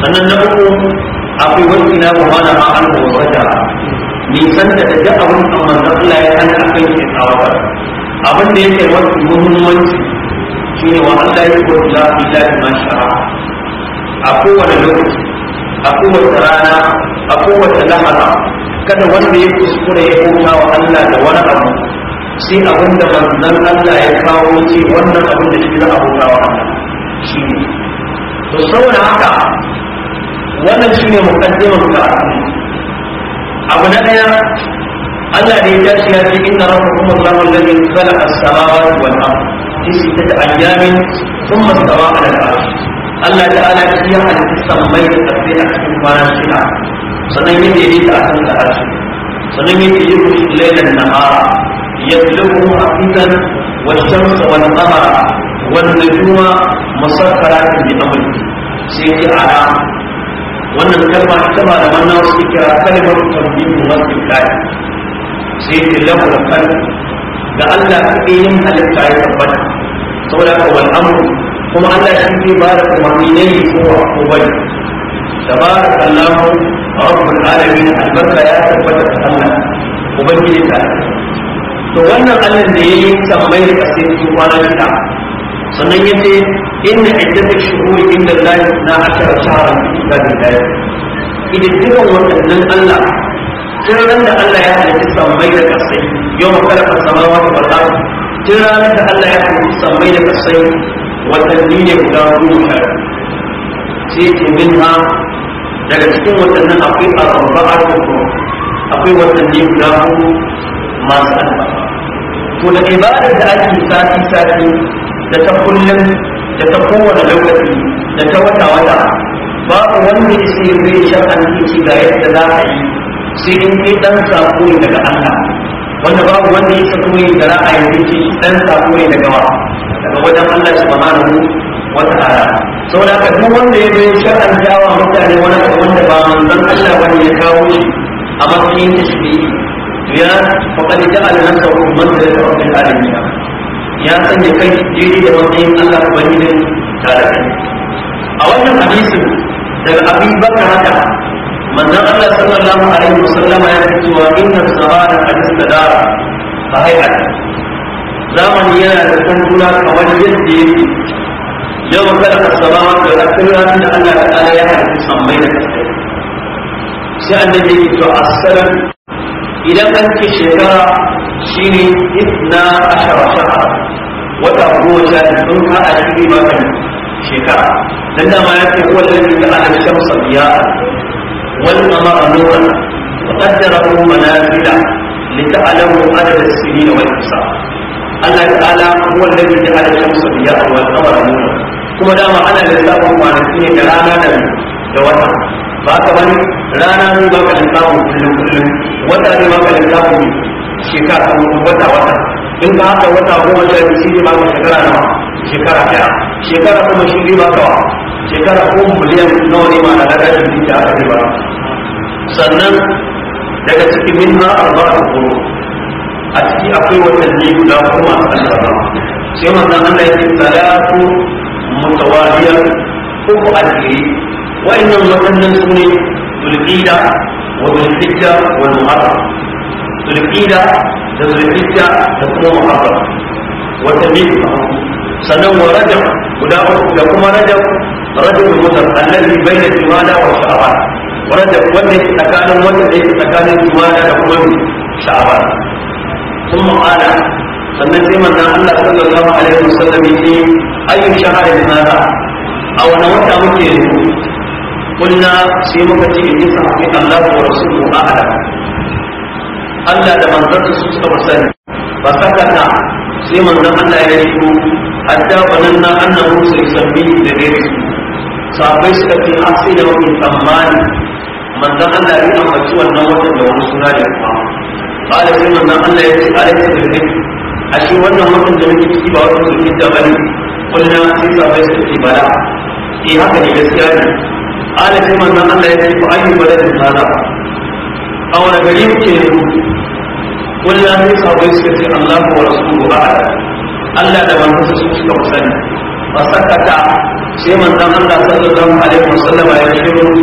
sannan na uku akwai wani ina ba na ma an ko wata nisan da da abin kan manzan Allah ya hana akan shi tsawa abin da yake wani muhimmanci shi ne wa Allah ya ko la illa ma sha'a a kowane lokaci a kowace rana a kowace lahara kada wanda ya kuskure ya bauta wa Allah da wani abu sai abin da manzon Allah ya kawo ce wannan abin da shi za a bauta wa Allah shi ne to saboda haka wannan shi ne mukaddimar ka abu na ɗaya الذي تأتي به إن ربكم الله الذي خلق السماوات والأرض في ستة أيام ثم استوى على العرش الله تعالى في أن تسمي الأرض أكثر من شنع سنين يدي تأثن العرش سنين يدي الليل النهار يطلبهم حقيقا والشمس والقمر والنجوم مسخرات بأمره سيدي على وأن الكلمة كما ba نوصيك كلمة wasu kira kalmar sai ce da kan da Allah ke yin halitta ya tabbata saboda haka wani amur kuma Allah shi ke ba da umarni ne ko ko da tabarak a rabbul alamin albarka ya tabbata ga Allah ubangiji ta to wannan Allah da ya yi tambayi da kasai su kwana ta sannan yace inna iddatash shuhur inda Allah na ashara shahran fi kitabillahi idan dukan wannan Allah tun ran da Allah ya halitta sammai da kasai yau makalaka samawa da wata tun ranar da Allah ya halitta sammai da kasai watanni ne guda goma sha sai ke min ha daga cikin watannin akwai arba'ar hukum akwai watanni guda hudu masu albarka to da ibadar da ake sati sati da ta kullum da ta kowane lokaci da ta wata wata babu wanda ya sai zai sha'an ci ga yadda za a yi sai in kai dan sako ne daga Allah wanda babu wanda ya sako ne da ra'ayin da shi dan sako ne daga wa daga wajen Allah subhanahu wa ta'ala da ka duk wanda ya bai shar'an dawa mutane wani abu wanda ba manzon Allah bane ya kawo shi a matsayin tashbihi ya faqad ja'ala nafsahu ummatan rabbil alamin ya sanya kai daidai da matsayin Allah da tare a wannan hadisin daga abin baka haka من دخل صلى الله عليه وسلم يكتب وإن الزمان قد استدار فهي حتى زمن يلا لكم كلا كوجه يوم خلق السماوات والأكثر من أن الآية يحل في صمينة سأل النبي تعصر إلى من كشفا شيني إثنى عشر شهر وتبروز الدنيا أجيبا من شكرا لأن ما يكفي هو الذي جعل الشمس ضياء والقمر نورا وقدره منازل لتعلموا عدد السنين والحساب الله تعالى هو الذي جعل الشمس ضياء والقمر نورا kuma dama ana lissafin kwanaki ne da rana da da wata ba ka bani rana ne ba ka lissafin kullum kullum wata ne ba ka lissafin shekara wata wata in ka haka ne ba shekara ta, shekara kuma shi ba kawa shekara ko miliyan nawa ne ma na daga shi da aka ba sannan daga cikin minna arba'u quru a ciki akwai ne guda kuma alfarma sai manzon Allah ya ce salatu mutawaliya ko alheri wa'annan waɗannan su ne zulqida wa zulhijja wa muharram zulqida da zulhijja da kuma Wata watanni sannan wa rajab guda uku da kuma rajab rajab mutar allazi baina jumada wa sha'aba. rajab wanda yake tsakanin wanda yake tsakanin jumada da kuma sha'aba. kuma ala sannan sai manzon Allah sallallahu alaihi wasallam yace ayyu shahrin hada a wani wata muke yanzu kunna sai muka ce in sahabi Allah wa rasuluhu a'lam Allah da manzon su suka sani saka sakata sai manzon Allah ya yi hatta bananna annahu sayusammi da dai sabai suka ce an sai da wani tsammani manzon Allah ya ambaci wannan wata da wani suna da kuma qala sai manzon Allah ya ce alaihi bi a shi wannan wata da muke ciki ba wani da da bane kullum sai sabai suka ce bala E, haka ne gaskiya ne qala sai manzon Allah ya ce fa ayyu da hada a wani gari muke ne kullum sai sabai suka ce Allah wa rasuluhu a'lam Allah da manzo su suka musani fa sakata sai manzon Allah sallallahu alaihi wasallam ya shiru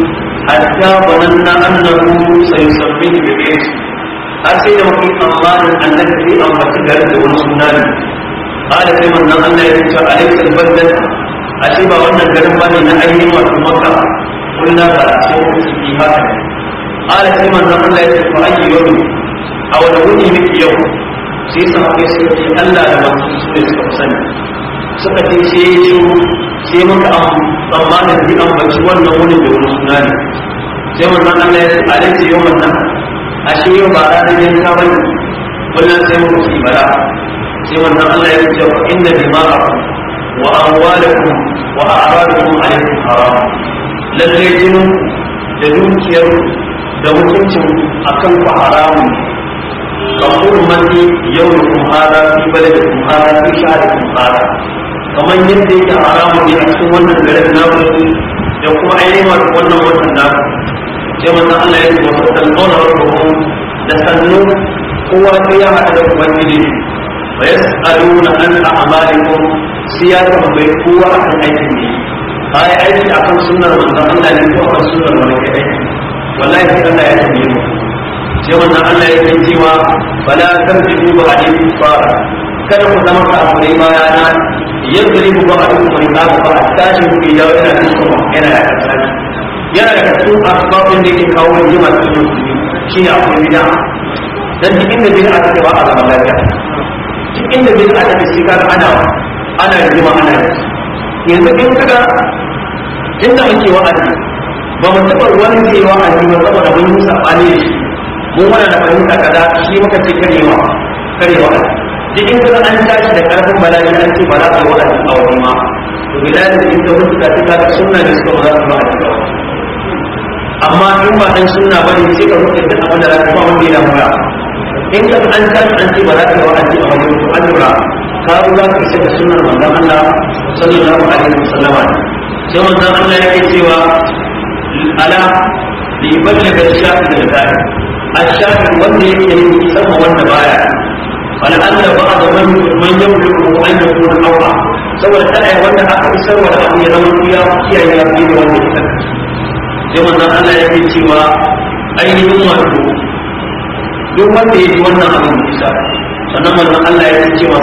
hatta bananna annahu sayusabbihu bi ghayri har sai da mutum tsammanin annabi zai ambaci garin da wani suna ne qala sai manzon Allah ya ce alaihi albadan ashe ba wannan garin bane na ainihin wato makka kullum ba sai su yi haka ne qala sai manzon Allah ya ce fa ayyu yawm A wani wuni miki yau. sai sahabbai suka ce Allah da masu su ne suka sani suka ce sai ya ce sai muka an tsammanin bi an baci wannan wani da wani suna ne sai san Allah ya ce alaiti yau a ashe yau ba ranar yanka ba ne kullum sai muka ba da. sai san Allah ya ce ma dima'akum wa amwalakum wa a'radukum alaykum hawa lallai jinin da dukiyar da mutuncin akan ku haramun ka hurmati yawmikum hada fi baladikum hada fi shahrikum hada kamar yadda yake haramu ne a cikin wannan garin naku da kuma ainihin wannan na naku sai manzon Allah ya ce a sallallahu rabbukum da sannu kowa sai ya hada da ubangiji wa yas'aluna an a'malikum sai ya tambayi kowa akan aikin ne kai aiki akan sunnar manzon Allah ne ko akan sunnar wani kai wallahi sai Allah ya tambaye mu sai wannan Allah ya san cewa bala san ji ku ba hadisi fara kada ku zama ka abu ma yana ku ba hadisi mai kafa ba tashin ku yau yana da cikin yana da kasance yana da kasu asbabin da ke kawo rigima su shi ne akwai bid'a dan cikin da bid'a ta ba a zaman lafiya cikin da bid'a ta ce ka ana ana rigima ana yanzu in kaga inda muke wa'azi ba mu taɓa wani da yawa a rigima saboda mun yi saɓani da shi mu mana da fahimta kaza shi muka ce karewa karewa duk in kuma an tashi da karfin bala'i an ce ba za a yi wa'azi a wani ma to bilal da ita wasu ta tuka da sunna da suka ba za su wa'azi ba amma in ba dan sunna ba ne sai ka rufe da abin da za ka ba wanda yana mura in ka an tashi an ce ba za a yi a wani to an lura ka zo za ka isa da sunnar manzon Allah sallallahu alaihi wasallam sai manzon Allah yake cewa ala liman da bai shafi da tsari an shafi wanda yake yi sama wanda baya wani an da ba a da manyan rukun an da kuma hawa saboda ta ɗaya wanda aka isar wa da abu ya zama ya kiyaye ya fi da wanda ya tsaka sai wannan Allah ya ce cewa ainihin wato duk wanda ya ji wannan sannan wannan Allah ya cewa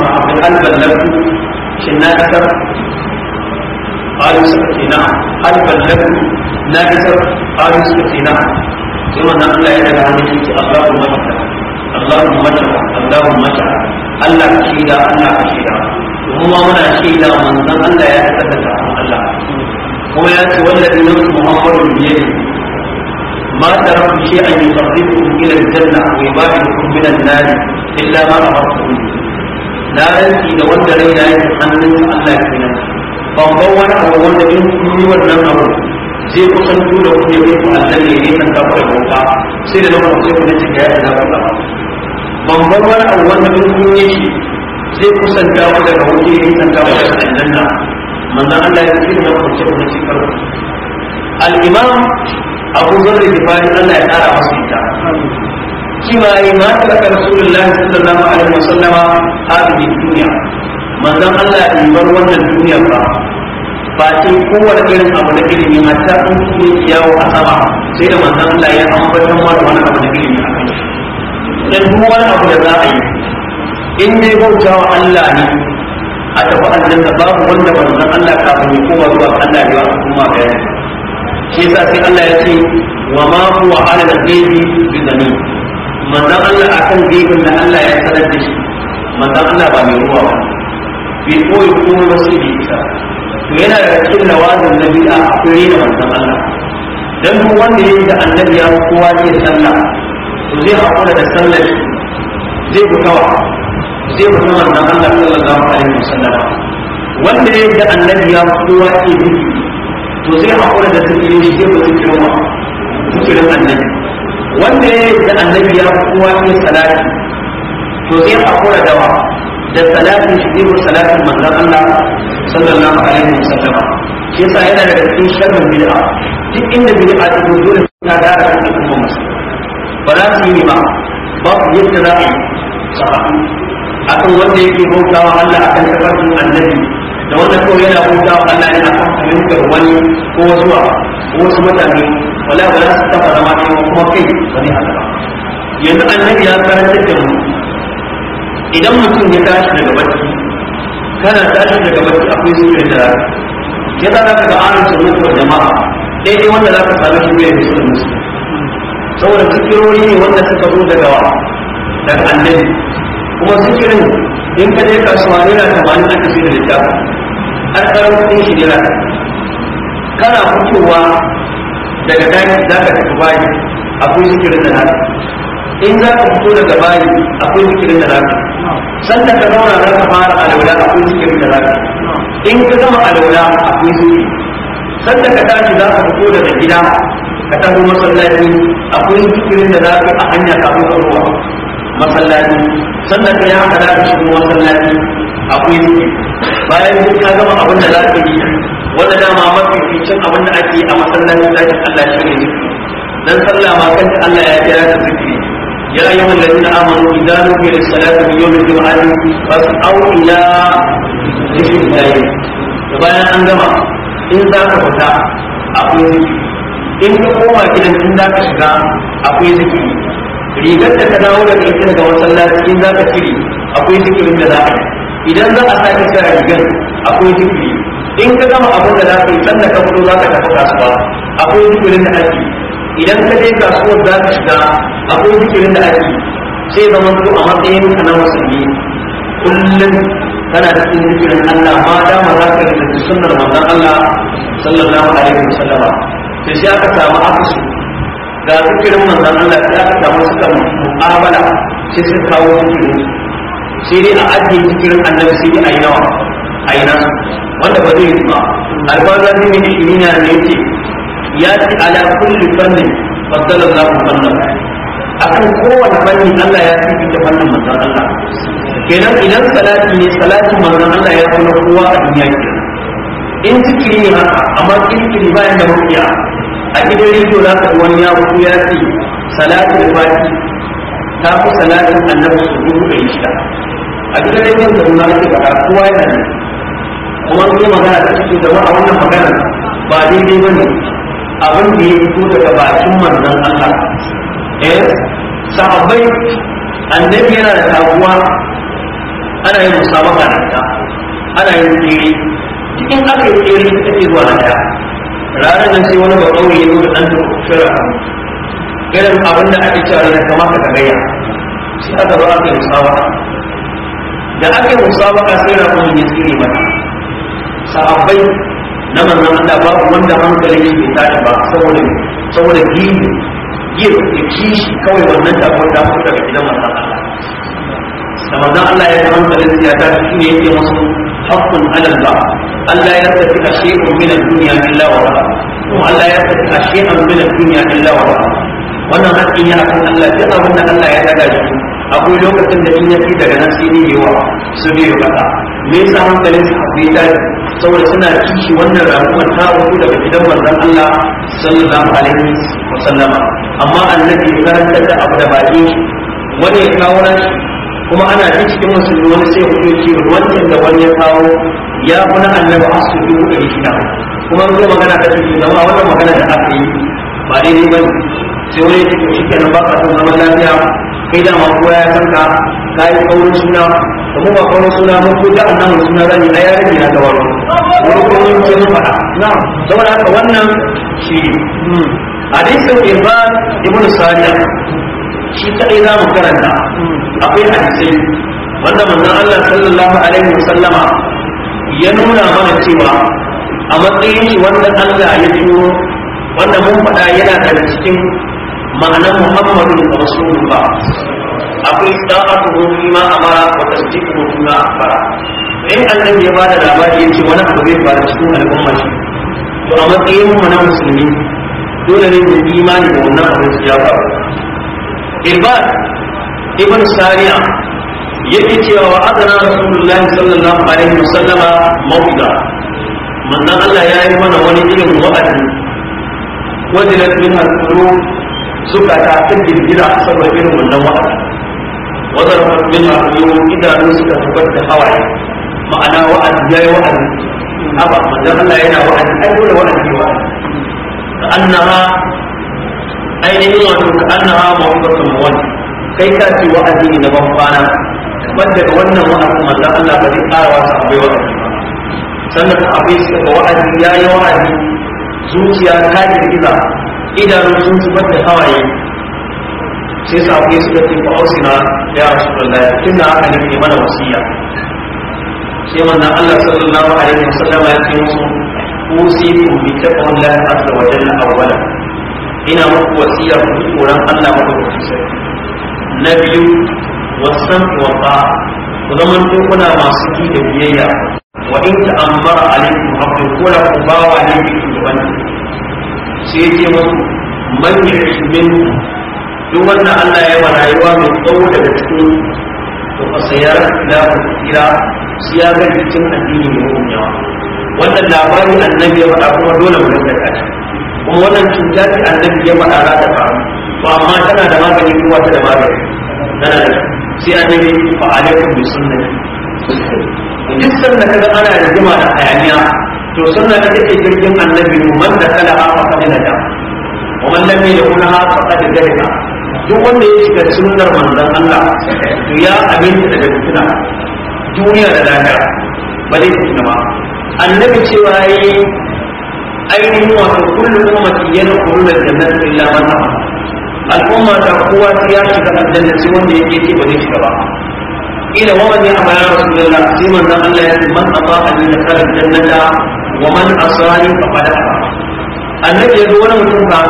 na na isar ƙarin suka ce na sai wannan Allah ya daga hannun yake Allahu mata Allahu mata Allahu mata Allah ka shaida Allah ka shaida kuma muna shaida manzon Allah ya tabbata Allah kuma ya ce wallahi nan Muhammadu ne ما تركت شيئا يقربكم الى الجنه ويباعدكم من النار الا ما امرتم به na ranci da wanda rai na yin hannun Allah kenan ban ban wani abu wanda in kun wannan sai kusan tura wani yau ko annabi ne kan kafa da boka sai da lokacin sai wani cikin ya da ba ban bar wani abu wanda mun kun yi shi sai kusan dawo da rahoto ne kan kafa da aljanna manzon Allah ya ce da kuce wani cikin al-imam Abu Dharr al-Ghifari Allah ya kara masa ita kima yi ma ta ka Rasulullah sallallahu alaihi wasallam a duniya manzon Allah ya bar wannan duniya ba ba sai kowane irin abu na ilimi hatta in su ne a sama sai da manzon Allah ya ambatan mana wani abu na ilimi a kai dan duk wani abu da za a yi in dai bauta wa Allah ne a tafi aljanna babu wanda manzon Allah kafin ya koma zuwa Allah ya ba kuma bayani shi yasa sai Allah ya ce wa ma huwa ala al-ghaibi bi dani manzon Allah akan gaibin da Allah ya sanar da shi manzon Allah ba mai ruwa ba Bi koyi komai wasu bai isa yana da cikin lawazin na bid'a akwai da manzon Allah dan duk wanda yayi da annabi ya kowa zai sallah to zai hakura da sallar zai butawa zai butawa manzon Allah sallallahu alaihi wasallam wanda yayi da annabi ya kowa zai bi to zai hakura da zikirin shi zai butawa zikirin annabi wanda yayi da annabi ya kowa zai salati to zai hakura da wa da salatin shi irin salatin manzon Allah sallallahu alaihi wasallam shi yasa yana da cikin sharrin bid'a duk inda bid'a ta zo dole ta da ta cikin umma ba za su yi ba ba yadda za a yi sahabu akan wanda yake bautawa Allah akan tafarkin annabi da wanda kawai yana bautawa Allah ne akan fahimtar wani ko wasu wasu mutane wala ba za su taba zama kuma kai wani haka ba yanzu annabi ya karantar da mu idan mutum ya tashi daga barci kana tashi daga barci akwai sura da ya za ka ga ce mutu wal jama'a daidai wanda za ka sami sura da musu? saboda zikirori ne wanda suka zo daga daga annabi kuma zikirin in ka je kasuwa yana tamanin aka fi da littafi. har tsaron kuɗin shi naira kana fitowa daga daki za ka tafi bayan akwai zikirin da na in za ka fito daga bayi akwai zikirin da zaka sannan ka zauna za ka fara alwala akwai zikirin da zaka in ka gama alwala akwai zikiri sannan ka tashi za ka fito daga gida ka taho masallaci akwai zikirin da zaka a hanya ka ka ruwa masallaci sannan ka yi haka za ka shigo masallaci akwai zikiri bayan duk ka gama abin da za ka yi wanda dama mafi ficin abin da ake a masallaci da Allah shi ne zikiri dan sallah ma kanta Allah ya kira ta zikiri يا أيها الذين آمنوا إذا نودي للصلاة من يوم الجمعة فاسعوا إلى ذكر الله bayan an gama in za ka fita akwai in ka koma gidan in za ka shiga akwai zikiri rigar da ka dawo daga ita daga masallaci in za ka cire akwai zikirin da za a yi idan za a sake cire rigar akwai zikiri in ka gama abin da za ka yi sannan ka fito za ka tafi kasuwa akwai zikirin da ake idan ka je kasuwar za ka shiga akwai zikirin da ake sai zama ko a matsayin ka na musulmi kullum kana da cikin zikirin Allah ma dama za ka rika sunnar manzon Allah sallallahu alaihi wasallama to sai aka samu akasu ga zikirin manzon Allah sai aka samu suka mu'amala sai suka kawo zikirin sai dai a ajiye zikirin annabi sai dai a yi nawa a yi nasu wanda ba zai yi ba alfazan ne ne ne ce. ya ala kulli fannin faddala ku fannin akan kowane fanni Allah ya fi da fannin manzon Allah kenan idan salati ne salati manzon Allah ya kuma kowa a duniya ke in ciki ne haka amma kirkiri bayan da mafiya a gidan rediyo za ka wani ya wuce ya ce salatin fati ta fi salatin annabi su dubu ɗari shida a gidan rediyon da muna ake faɗa kowa yana ne kuma wani magana ta cikin da a wannan magana ba daidai ba ne abin da ya fito daga bakin manzon Allah eh sahabbai annabi yana da taguwa ana yin musabaka da ta ana yin tsere cikin aka yi tsere ta ke zuwa da ranar da sai wani babban ya zo da ɗan da a irin abin da ake cewa da kamata ka gaya sai aka zo aka yi musabaka da aka yi musabaka sai rakon ya tsere mata sahabbai na manzon Allah ba wanda hankalin shi bai tashi ba saboda saboda gini gir da kishi kawai wannan da kuma da kuma daga gidan Allah da manzon Allah ya yi hankalin ya shi ne yake musu haqqun alal ba Allah ya tafi a shay'un min ad-dunya illa wa ra'a kuma Allah ya tafi a shay'un min ad-dunya illa wa ra'a wannan hakkin ya akan Allah duk abin da Allah ya daga shi akwai lokacin da in ya fi daga nan sai ne yawa su ne ya kasa me yasa hankalin sa bai tashi saboda suna kishi wannan ramuwar ta daga gidan manzon Allah sallallahu alaihi wasallama amma annabi ya karanta da abu da baki wani ya kawo nan kuma ana ji cikin musulmi wani sai ku ce wannan da wani ya kawo ya kuna annabi asu dubu da kuma zo magana da shi zama wannan magana da aka yi ba ne ba sai wani ya ce shi kenan ba ka son zaman lafiya kai da masu ya san ka ka yi kaurin suna kuma ba kaurin suna mun ko da annabi suna zani na ya rage na tawaron wani kuma yin ce mun faɗa saboda haka wannan shi sau hmm. hadisin ibad ibn salih shi kadai za mu karanta akwai hadisai wanda manzon Allah sallallahu alaihi wasallama ya nuna mana cewa a matsayin shi wanda Allah ya biyo wanda mun faɗa yana daga cikin ma'anar muhammadun rasulullah akwai da'atuhu ma amara wa tasdiquhu ma akhbara in allon ya bada labari ce wani abu zai faru cikin al'umma shi to a matsayin mu na musulmi dole ne mu imani da wannan abin su ya faru irban ibn sariya yake cewa wa adana rasulullahi sallallahu alaihi wasallama mawida manzon Allah ya yi mana wani irin wa'adi wajilat min al-qulub zukata sun a saboda irin wannan wa'azi wazar min al-yawm idanun suka zubar da hawaye ma'ana wa'azi yayi wa'azi haba manzon Allah yana wa'azi ai dole wa'azi wa'azi ka annaha ainihin wato ka annaha mawqatun mawani kai ka ce wa'azi ne na ban kwana kamar daga wannan wa'azi manzon Allah ba zai ƙara wasu abai wa'adi sannan abin suka ya yayi wa'azi zuciya ta girgiza idanun sun zubar da hawaye sai safe su da teku ausina ya rasu da lafiya tun da aka nufi mana wasiya sai wannan allah sallallahu alaihi wasallam ya ce musu ku bi taqwallahi azza wa na awwala ina muku wasiya ku koran allah madaukakin kusa na biyu wasan wa ku zama kuna masu ji da biyayya wa in ta'ammara alaikum abdu kula ku bawa ne bi wani sai ya ce musu man yu'min duk wannan Allah ya yi wa rayuwa mai tsawo daga cikin to fa sayar kira ila ya ga cikin addini mai yawa wannan labarin annabi ya faɗa kuma dole mu rinka kaci kuma wannan cuta ce annabi ya faɗa za ta faru to amma tana da magani kuma ta da magani tana da sai annabi fa alaikum bi sunnati duk sannan kaga ana rigima da hayaniya to sunna da take jirgin annabi man da kala ha fa kana da wa man lam yakun ha fa duk wanda ya shiga sunnar manzon Allah to ya aminta daga fitina duniya da lahira ba dai fitina ba annabi cewa yi ainihin wato kullum ummati yana kullum jannatu illa man al'umma ta kowa ya shiga aljanna sai wanda yake ce ba zai shiga ba kila wa man ya'mal ya rasulullah sai manzon Allah ya ce man ata'a li dakhala jannata wa man asani faqad annabi ya zo wani mutum ba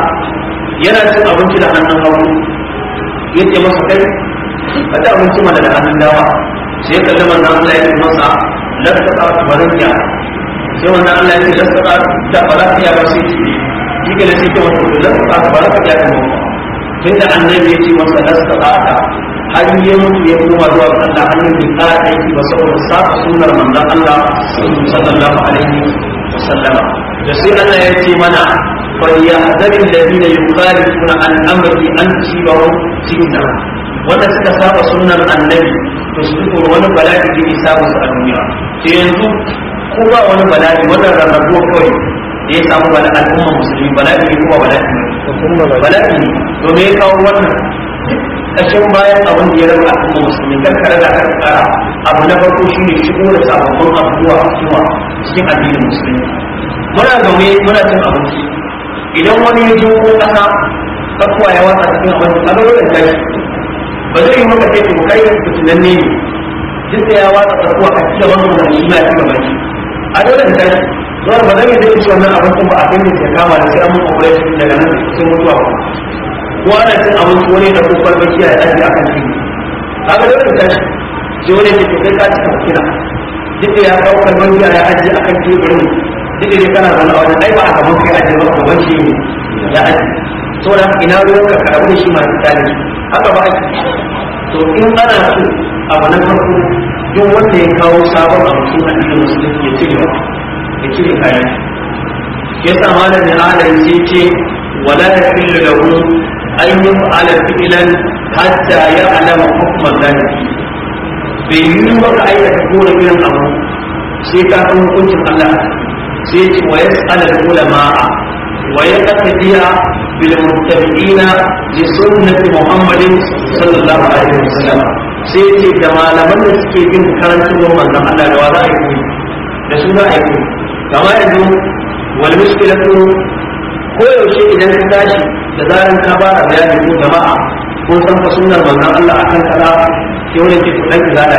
yana cin abinci da hannun hagu ya ce masa kai ka ci abinci mana da hannun dawa sai ya kalli manzon Allah ya ce masa lafaka baranya sai wannan Allah ya ce lafaka da baranya ba sai yi ga da sai ke wata lafaka baranya ya Tun da annabi ya ce masa lafaka hanyoyin su ya koma zuwa ga Allah hanyar da ta aiki ba saboda saba sunnar manzon Allah sallallahu alaihi wasallam da sai Allah ya ce mana فليحذر الذين يخالفون عن امره ان تصيبهم فتنه wanda suka saba sunnar annabi to su duk wani bala'i da ke samu su a duniya to yanzu ko ba wani bala'i wannan rarrabo kawai da ya samu bala'i al'umma musulmi bala'i ne kuma bala'i ne bala'i ne to me ya kawo wannan kashin bayan abin da ya rabu a cikin musulmi kare da karkara abu na farko shi ne shigo da sababbin abubuwa zuwa cikin addinin musulmi muna zaune muna cin abinci idan wani ya jiwo kasa tsakuwa ya watsa cikin abinci a ga wurin tashi ba zai yi maka sai ku kai fitinan ne duk da ya watsa tsakuwa a cikin wannan wani shi na cikin a ga wurin tashi zuwa ba zai yi zai shi wannan abincin ba a kai ne ya kama da sai an mun cikin daga nan sai mutuwa ko ana cin abinci wani da kuma farmakiya ya ajiye kan titi kaga dole ka tashi sai wani ke kai ka cika kira duk da ya kawo farmakiya ya ajiye akan teburin duk da kana zaune a wajen ai ba a gaban kai ajiye ba gaban shi ya ajiye saboda ina ruwan ka karabu da shi masu tsari haka ba ake to in ana so abu na farko duk wanda ya kawo sabon abu sun addinin musulunci ya cire ya cire kayan ya sa malam ya sai ce wala ya fillu lahu an yi fa'ala fi'ilan hatta ya alama hukumar zaki bai yi maka aikata kowane irin abu sai ka san hukuncin Allah sai ce wa yas'ala ulama'a wa yaqtadiya bil muttabi'ina li sunnati Muhammadin sallallahu alaihi wasallam sai ce da malaman da suke bin karantun Allah da kama yanzu koyaushe idan ka tashi da zaran ka fara bayani ko jama'a ko san ka sunnar manzon Allah akan kaza ke wani ke kudan kizala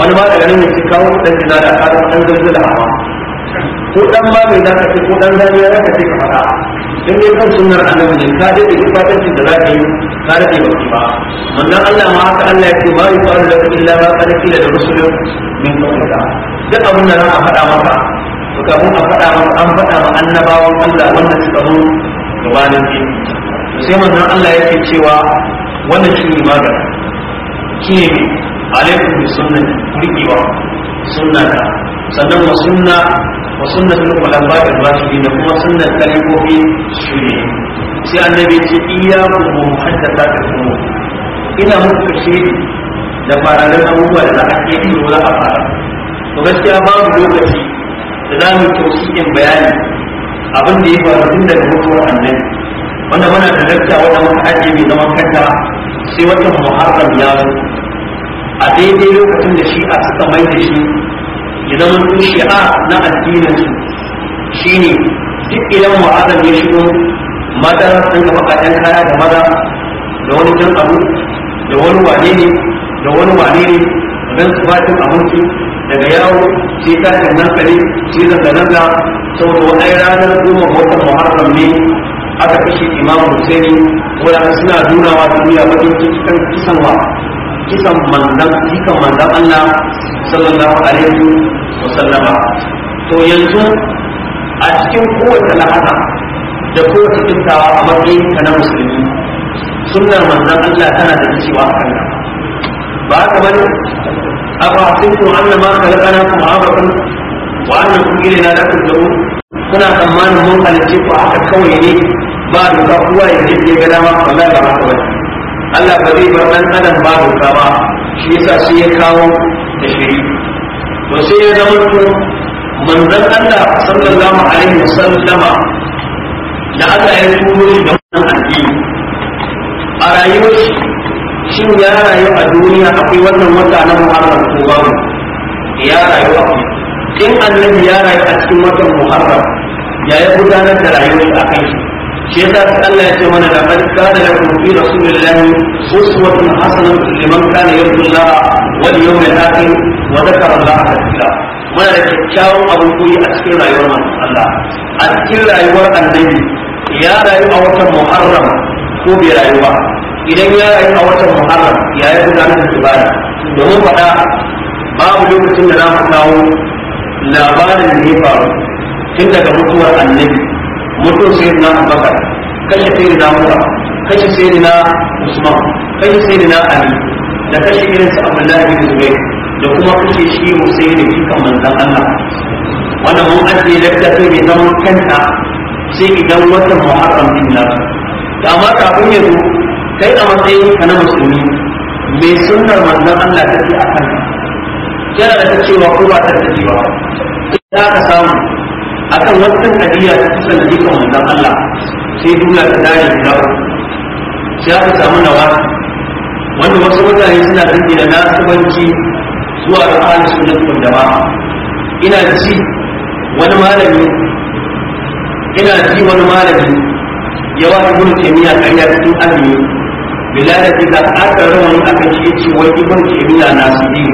wani ba daga nan ya ce kawo kudan kizala ka da kudan zalzala hawa ko dan ba mai zaka ce ko dan zaniya zaka ce ka fara in dai kan sunnar annabi ne ka fatan ki da zaka yi ka dade baki ba manzon Allah ma haka Allah ya ce ba yuqalu lakum illa ba qala qila da rusul min qablika duk abin da na a faɗa maka suka mun a faɗa mun an faɗa mun annabawan Allah wanda suka zo gabanin shi sai manzon Allah yake cewa wannan shi ne magana shi ne alaikum bi sunnati riqiwa ka sannan wa sunna wa sunnatul da ar da kuma sunnat khalifofi shi ne sai annabi ya ce iyyakum wa muhaddathatil kuma ina muku kashe da fararen abubuwa da za a ke yi za a fara to gaskiya babu lokaci da za mu tausikin bayani abin da ya faru tun daga mutuwar annabi wanda muna da dakta wanda muka ajiye mai zaman kanta sai wata muharram ya zo a daidai lokacin da shi'a suka mai da shi ya zama shi'a na addinin su shine duk idan muharram ya shigo mata sun gaba kaɗan kaya da maza da wani jan abu da wani wane ne da wani wane ne don su fatin abinci daga yawo shi ta shi nan kare shi zanga zanga saboda wani ranar goma ko watan muharram ne aka kashe imamu husaini wadanda suna nunawa duniya bakin cikin kisan wa kisan manzan kikan manzan allah sallallahu alaihi wa sallama to yanzu a cikin kowace lahata da kowace kintawa a matsayin ka na musulmi sunnar manzan allah tana da cewa a kan ba haka bane أفحسبتم أنما خلقناكم عبثا وأنكم إلينا لا ترجعون kuna tsammanin mun halicce ku haka kawai ne ba doka kowa ya je ya ga dama wallahi ba haka ba Allah ba zai bar dan adam ba doka ba shi yasa sai ya kawo da shiri to sai ya zama to manzon Allah sallallahu alaihi wasallama da Allah ya turo shi da wannan addini a rayuwar shi shin ya rayu a duniya akwai wannan wata na muharram ko babu ya rayu in annabi ya rayu a cikin watan muharram ya ya gudanar da rayuwar a kai shi yasa Allah ya ce mana da qad kana lakum fi rasulullahi uswatun hasanatun liman kana yarjullah wal al akhir wa dhakara Allah kathira muna da kyakkyawan abun koyi a cikin rayuwar manzon Allah a cikin rayuwar annabi ya rayu a watan muharram ko bai rayuwa? idan ya yi a watan muharram ya yi gudanar da ibada domin faɗa babu lokacin da za mu kawo labarin da ya faru tun daga mutuwar annabi Mutum sai na abubakar kashi sai na mura kashi sai na usman kashi sai na ali da kashi irin su abdullahi bin zubair da kuma kashi shi sai da kika manzan allah wannan mun ajiye lakta sai mai zaman kanta sai idan watan muharram din nan da amma kafin ya zo kai a matsayin ka na musulmi mai sunnar manzon Allah ta ce kan yana da ta cewa ko ba ta ba. ta ka samu akan wannan hadiya ta kusa da jikin manzon Allah sai dula ta dare da sai aka samu nawa wanda wasu mutane suna dinki da nasibanci zuwa ga ahli sunnah wal ina ji wani malami ina ji wani malami yawa ibn taymiya kariya cikin azumi bilal da aka rawani ne aka ce wai ibn kimiyya nasibi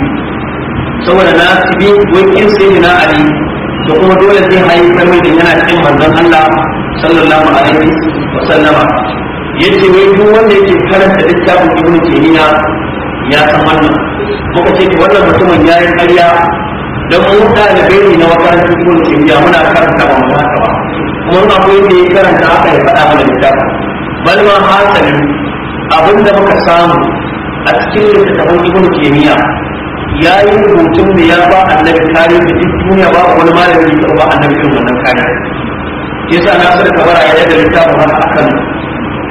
saboda na nasibi wai kin sai na ali to kuma dole sai hayi mai da yana cikin manzon Allah sallallahu alaihi wa sallama yace wai duk wanda yake karanta littafin ibn kimiyya ya san wannan muka ce wannan mutumin yi ƙarya dan mu da bayani na makarantar ibn kimiyya muna karanta ba mu haka ba kuma akwai da ya karanta haka ya faɗa mana littafin bal ma abin da muka samu a cikin littattafan ibn kimiyya ya yi rubutun da ya ba annabi kare da duk duniya ba wani malami da ba annabi irin wannan kare yasa na sarka kabara ya da littafin haka akan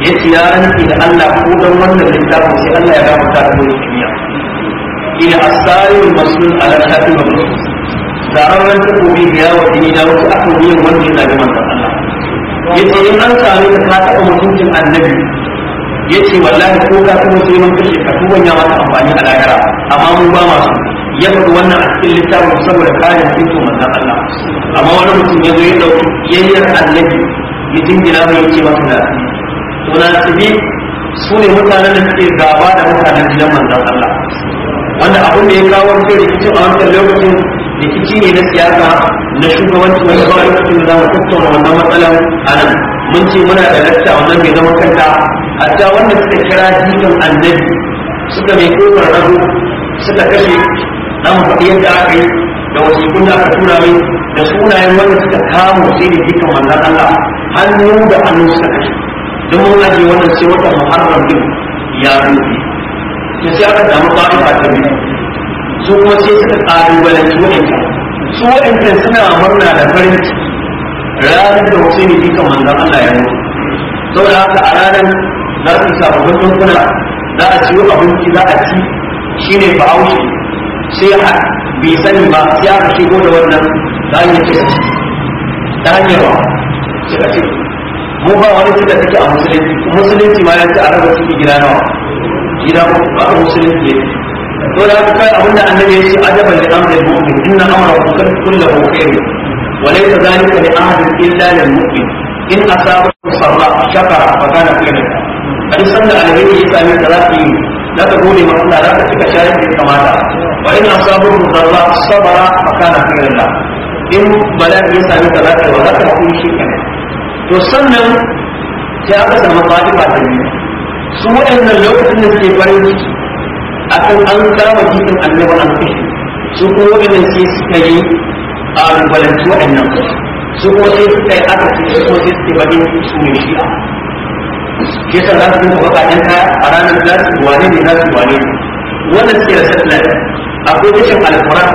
ya ce ya rantsi da Allah ko dan wannan littafin sai Allah ya gafarta da wani kimiyya ila asari masul ala shafi masul da an ta ko bi ya wa dini da wasu aka biyan wannan da manzon Allah yace in an sami ka taɓa mutuncin annabi ya ce wallahi ko ka kuma sai mun kashe ka tuban ya mata amfani a lahira amma mu ba masu ya faɗi wannan a cikin littafin saboda kayan fito manzon Allah amma wani mutum ya zo ya dauki yayyar annabi ya jingina mai yace masa da to na tsibi su ne mutanen da suke gaba da mutanen gidan manzon Allah wanda abun da ya kawo ce rikicin a wancan lokacin rikici ne na siyasa na shugabanci wani ba lokacin da za mu tattauna wannan matsalar a nan mun ce muna da lacca wannan mai zama kanta ta wanda suka kira jikin annabi suka mai kofar rago suka kashe na faɗi yadda aka yi da wasu da aka tura mai da sunayen wanda suka kamo sai da jikin wannan Allah hannu da hannu suka kashe don mun ajiye wannan sai wata muharram din ya rufe Ta sai aka samu ƙa'ida ta biyu su kuma sai suka ƙalubalanci wa'inka su wa'inta suna murna da farin ciki ranar da wasu Hussein jikan manzan Allah ya mutu saboda haka a ranar za su samu bankuna za a ciyo abinci za a ci shine bahaushe sai a bai sani ba sai aka shigo da wannan Za ta hanyar kisa ta hanyar ba suka ce mu ba wani suka take a musulunci musulunci ma ya ce a raba ciki gida nawa gida ba a musulunci ne to da haka kai abinda annabi ya ce ajaban da amrin mu'min inna amrahu kullahu khairun وليس ذلك لأحد إلا للمؤمن إن أصابه الصلاة شكر فكان خيرا فإن صلى عليه وسلم ثلاثة لا تقولي ما قلنا لا تتك شارك كما وإن أصابه ضراء صبر فكان خيرا إن بلاء يسأل ثلاثة ولا تقولي شيئا وسلم جاءت المطالب على su سوء أن da suke farin أكن أنت an kama jikin annabi أن kashe su kalubalanci waɗannan su kuma sai suka yi aka ce su kuma sai suke baɗin su ne shi'a shi yasa za su dinga baƙaƙen kaya a ranar za su wane ne za su wane ne wannan suke da satellite akwai tashin alfurat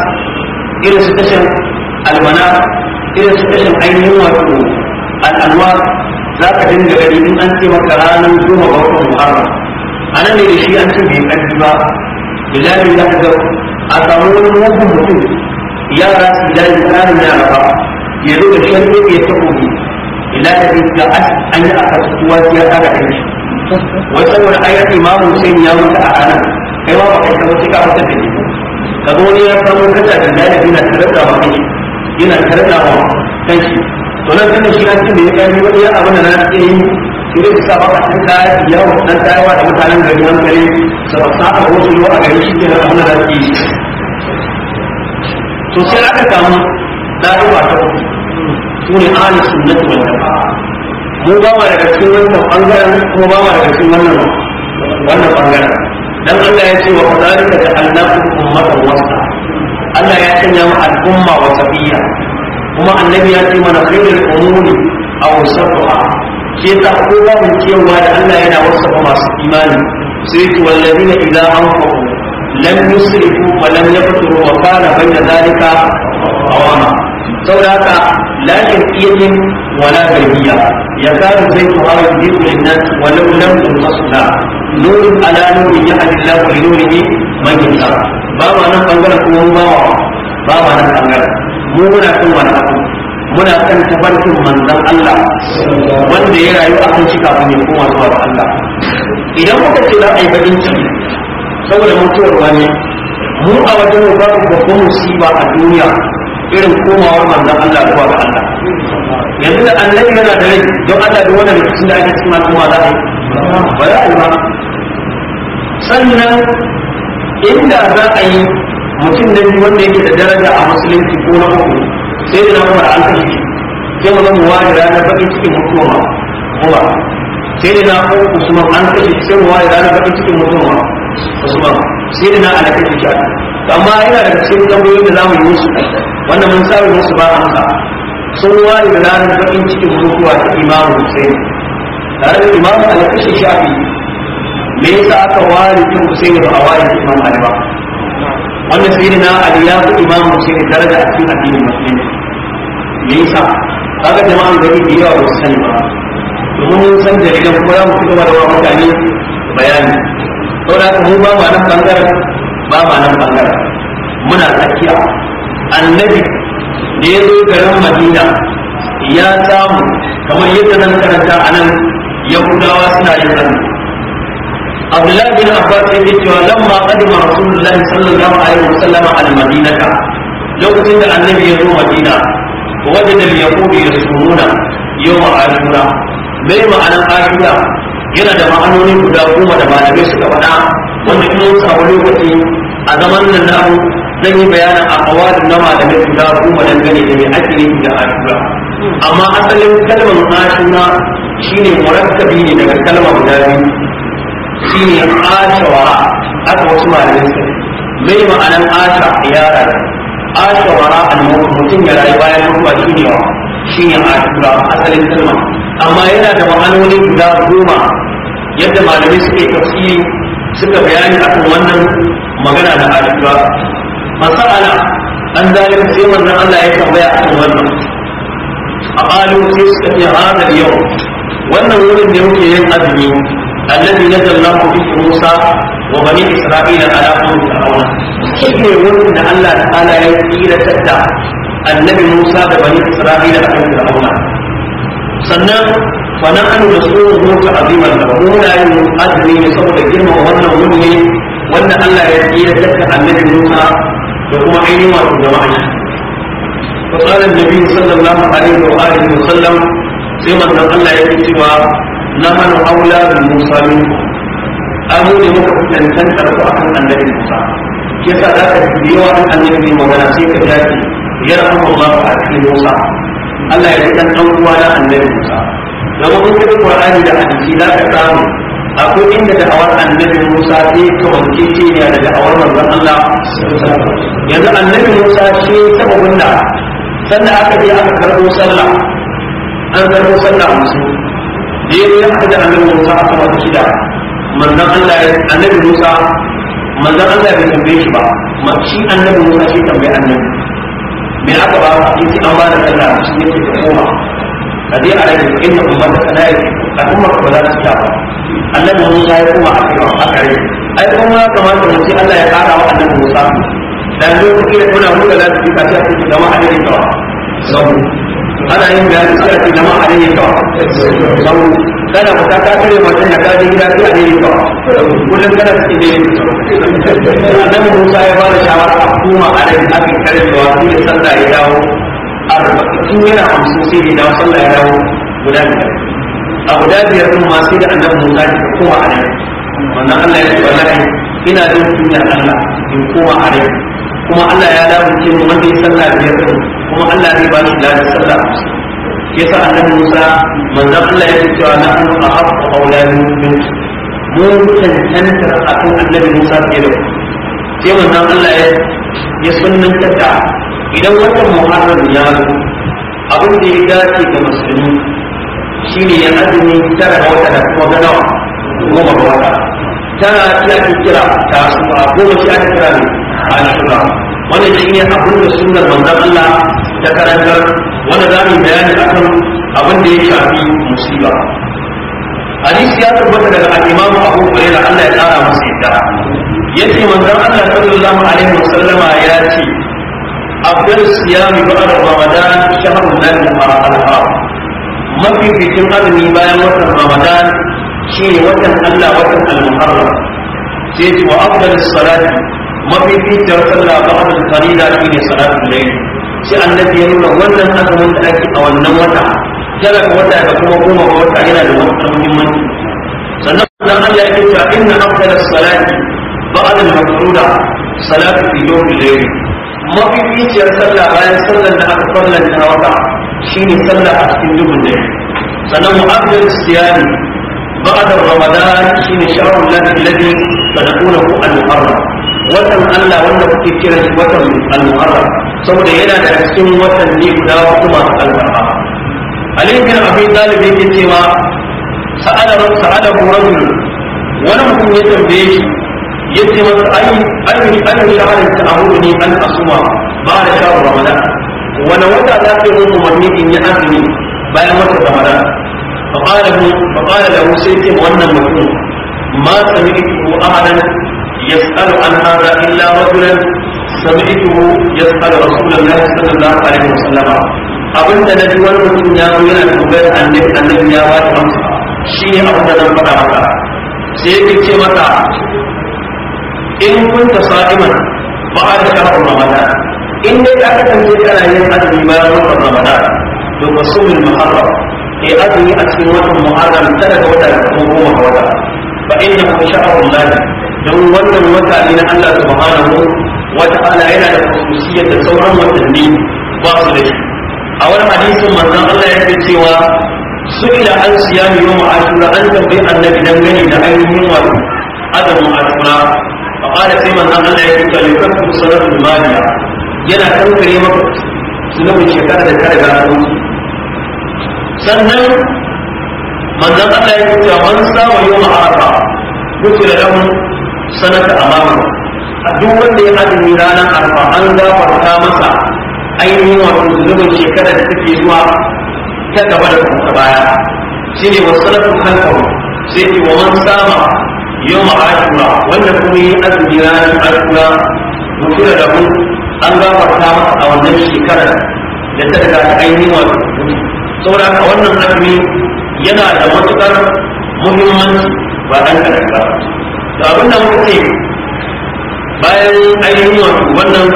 irin su tashin almana irin su tashin ainihin wato al'anwa za ka dinga gani in an ce maka ranar goma ga watan muharram a nan ne da shi an ce bai ƙarfi ba bilahi za ka ga a samu wani mugun mutum yara su da tsarin yara ba ya zo da shari'a ya taɓo ne ila da ga an yi a kasuwa ya tsara da shi wani saboda ayar imamu sai ya mutu a ana kai ma ba kai ka mutu ka mutu da ni ka zo ne ya samu kasa da dalibi na tarata wa kai yana tarata wa kai to nan kana shi ya ce da ya gani wani abin da na ke yi sai da sa baka cin kaya yawon dan tayawa da mutanen gari hankali sabasa a wasu yau a gari shi ke nan abin da za su yi to sai aka samu ɗaruwa ta uku su ne ahli sunnati wal jama'a mu ba daga cikin wannan bangaren kuma ba ma daga cikin wannan wannan bangaren dan Allah ya ce wa kadhalika ja'alnakum ummatan wasta Allah ya sanya mu al'umma wasafiyya kuma annabi ya ce mana khairul umuri aw sab'a ke ta ko ba mu cewa da Allah yana wasafa masu imani sai na wallazina idza anfaqu lam yusrifu wa lam yaqturu wa kana bayna zalika qawama saboda haka la yaqiyatin wala bayyiya yakadu zaytu hawa yudiku lin-nas wa law lam yusla nur ala nur yahdi Allahu li nurihi man yasha ba ma nan bangaren kuma ba wa ba ma nan bangaren muna kan wani abu muna kan Allah wanda ya rayu a kan kafin ya koma zuwa Allah idan muka ce za a yi bakin ciki saboda mutuwar wani mu a wajen babu babban musiba a duniya irin komawar manzon Allah zuwa ga Allah yanzu da annabi yana da rai don Allah da wannan rikicin da ake cikin al'umma za a yi ba za a yi ba sannan inda za a yi mutum da biyu wanda yake da daraja a musulunci ko na uku sai da na umar an sai mu zama wani ranar baƙin cikin mutuwa ba sai da na uku usman an kashe sai mu wani ranar baƙin cikin mutuwa usman sai da na alaka ke shaka amma yana daga cikin tambayoyin da zamu yi musu wannan mun saba musu ba amsa sun wani da ranar bakin cikin mutuwa ta imamu hussein tare da imamu alakashi shafi me yasa aka ware jin hussein ba a ware imam ali ba wannan sai na ali ya fi imam hussein daraja a cikin addinin musulmi me yasa kaga jama'an gari da yawa ba su sani ba domin mun san dalilan kuma za mu fi gaba da wa mutane bayani saboda haka mu ba ma nan bangaren ba ma nan bangaren muna tsakiya annabi da ya zo garin madina ya samu kamar yadda nan karanta a nan yahudawa suna yin hannu abdullahi bin abbas ya ce cewa lamma qadima rasulullahi sallallahu alaihi wasallam al-madinata lokacin da annabi ya zo madina wajen da ya yahudi yasumuna yawm ashura mai ma'anar afiya yana da ma'anoni guda goma da malamai suka faɗa wanda kuma wasu a wani lokaci a zaman nan na zan yi bayanin a kawalin na malamai guda goma da gane da mai ake yi da ashura amma asalin kalmar ashina shine murakkabi ne daga kalmar guda biyu shine ashawa aka wasu malamai suka mai ma'anar asha yara ashawara al-mutum ya rayu bayan mutuwa shine wa shine ashura asalin kalmar amma yana da ma'anoni guda goma yadda malamai suke tafsiri suka bayani akan wannan magana da alifa masala an zalim sai wannan Allah ya tambaya akan wannan a qalu sai suka ce hadal yau wannan wurin da muke yin azumi alladhi nazzalnahu fi musa wa bani isra'ila ala qawmi fir'auna shine wurin da Allah ta'ala ya tsira tadda annabi musa da bani isra'ila akan fir'auna sannan wannan an da su roka aziman da muna yin azumi ne saboda girma wannan wuni ne wanda Allah ya yi da daga annabi Musa da kuma ainihin wato jama'a shi fa qala an-nabi sallallahu alaihi wa alihi wa sallam sai manzon Allah ya ce wa lamana aula bil Musa min abu ne muka tantar ku akan annabi Musa yasa da ka yi wa annabi magana sai ka dace yarhamu Allah a cikin Musa Allah ya yi ɗan ɗan uwa na annabi Musa zama mun kaɗi Qur'ani da hadisi za ka samu akwai inda awar annabi Musa sai ka wanke ce ne da da'awar manzon Allah yanzu annabi Musa shi ta da sannan aka je aka karɓo sallah an karɓo sallah musu da ya aka da annabi Musa a wata shida manzon Allah ya annabi Musa manzon Allah bai tambaye shi ba shi annabi Musa shi tambaye annabi me aka ba yace an ba da sallah shi ne ke koma kaje a rage inda umma da kana yi a kuma ba za su ta ba annabi Musa ya kuma aka yi aka yi ai kuma kamata mu ce Allah ya kara wa annabi Musa dan lokaci da kuna muka da su kace a cikin jama'a ne kawai sabu ana yin bayani sai a cikin jama'a sabu kana fita ta kare matan ya kaje gida sai a ne ka kullum kana cikin ne annabi Musa ya fara shawara a kuma a nan abin karewa sai da wasu sallah ya dawo arba'in yana hamsin sai da dawo sallah ya dawo guda biyar a guda biyar din ma sai da annabi Musa ya kuma a nan wannan Allah ya ce wallahi ina jin kunyar Allah in koma a nan kuma Allah ya dawo cikin wanda ya sallah biyar din kuma Allah zai ba shi ladan sallah yasa annabi Musa manzon Allah ya ce wa nahnu ahabbu awladu min mu a akan annabi Musa ke da sai manzon Allah ya ya sunnanta da idan wannan muharrar ya zo abin da ya dace ga musulmi shine ya azumi tara da wata da kuma gana goma wata tara ta kira ta asuba goma shi ake kira ne a ashura wannan shi ne abin da sunnar manzon Allah ta karantar wanda za mu bayani a kan abin da ya shafi musiba hadisi ya tabbata daga al-Imam Abu Hurairah Allah ya tsara masa yadda yace manzan Allah sallallahu alaihi sallama ya ce abdul siyami ba'd ramadan shahrun lan al-haram mafi bikin azumi bayan watan ramadan shine watan Allah watan al-muharram sai ce wa Abdul salati mafificiyar sallah ba a da farida shi ne salatul layl sai annabi ya nuna wannan azumin da ake a wannan wata tara ga wata da kuma goma ga wata yana da wata muhimmanci sannan dan Allah ya ce inna afdal salati ba'd al-mafruda salatu fi yawm al Mafi mafificiyar sallah bayan sallar da aka farlanta wata shine sallah a cikin dubun da sannan mu'abbal siyani ba'd ramadan shine shahrul ladhi tadkhuluhu al-muharram watan Allah wanda kuke kira shi watan al-Muharram saboda yana da cikin watan ne guda kuma al-Muharram Ali bin Abi Talib yake cewa sa'ala sa'ala rajul wani mutum ya tambaye shi yace masa ai ai ai shahar ta'awuni an asuma ba da shahr Ramadan wani wata za ka yi umarni in yi azumi bayan wata Ramadan fa mu فقال له فقال له سيدي وانا مكتوب ما سمعته احدا يسأل عن هذا إلا رجلا سمعته يسأل رسول الله صلى الله عليه وسلم abin da na bi wani mutum ya zo yana tambayar annabi annabi ya ba ta amsa shi ne abin da zan faɗa maka sai yake ce in kunta sa'iman ba a da shafin ramadan in dai ka kasance kana yin azumi bayan watan ramadan to ka sumin muharram ke azumi a cikin watan muharram tara ga wata ko goma ga wata fa inna hu sha'arul lahi don wannan wata ne na Allah subhanahu wa ta'ala yana da khususiyar da sauran watanni ba su da shi a wani hadisin manzon Allah ya ce cewa su ila an siyami yawm ashura an tambayi annabi dan gani da ainihin wato azumin ashura fa qala sai manzon Allah ya ce yukaffu salatul maliya yana kankare maka zunubin shekara da ta riga ta wuce sannan manzon Allah ya ce man sama yawm arafa mutu da sanata A duk wanda ya azumi ranar arfa an gafarta masa ainihin wato zunubin shekara da take zuwa ta gaba da kuma baya shi wasu wasalatu kankan sai ke wa man sama yawm ashura wanda kuma yi azumi ranar ashura mutura da mun an gafarta masa a wannan shekarar da ta daga ainihin wato saboda haka wannan azumi yana da matukar muhimmanci ba dan karanta ba da abin da muke bayan ainihin wato wannan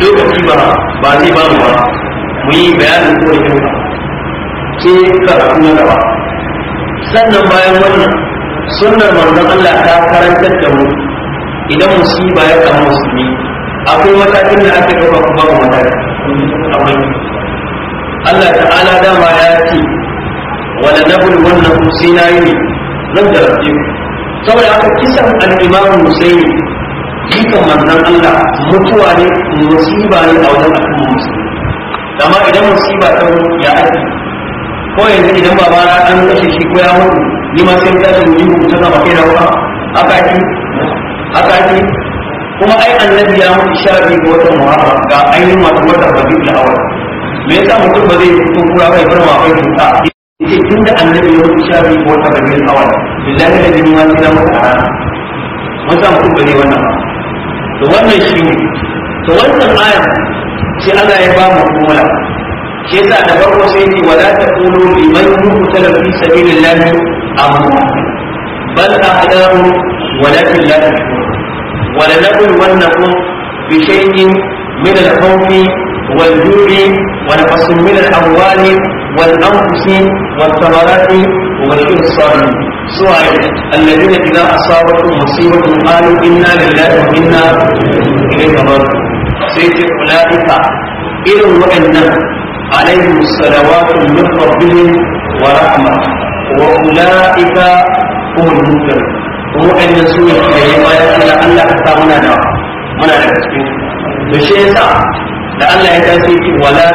lokaci ba ba zai ba mu ba mu yi bayanin ko da ba ka karatu na gaba sannan bayan wannan sunnar manzon Allah ta karantar da mu idan musiba ya kama musulmi akwai matakin da aka ɗauka kuma ba matakin Allah ta'ala dama ya ce wala nabul wannan sinayi zan jarabce ku saboda aka kisan al'imamu musayi jikan manzan Allah mutuwa ne musiba ne a wajen al'umma musulmi amma idan musiba ta ya aiki ko yanzu idan ba bara an kashe shi ko ya mutu ni ma sai tashin yi mutu na mafi da wa aka yi aka yi kuma ai annabi ya mutu sha ga wata muharram ga ainihin wata watan rabiul awwal me yasa mutum ba zai fito kura bai bar ma bai yace tunda annabi ya wuce sha ko wata rabiul awal billahi da jin wani da maka rana mun samu ku gane wannan to wannan shi ne to wannan aya sai Allah ya ba mu kuma shi yasa da farko sai ce wala taqulu liman yuqtalu fi sabilillahi amwat bal ahdahu walakin la tashkurun ولنبلونكم بشيء من الخوف والجوع ونقص من الأموال والأنفس والثمرات وبشر الصابرين سواء الذين إذا أصابتهم مصيبة قالوا إنا لله وإنا إليه راجعون سيد أولئك إلى وإنا عليهم الصلوات من ربهم ورحمة وأولئك هم المنكرون وإن سوء الكريم ويقول الله تعالى منا منا نكتب to shi yasa da Allah ya tashi ce wala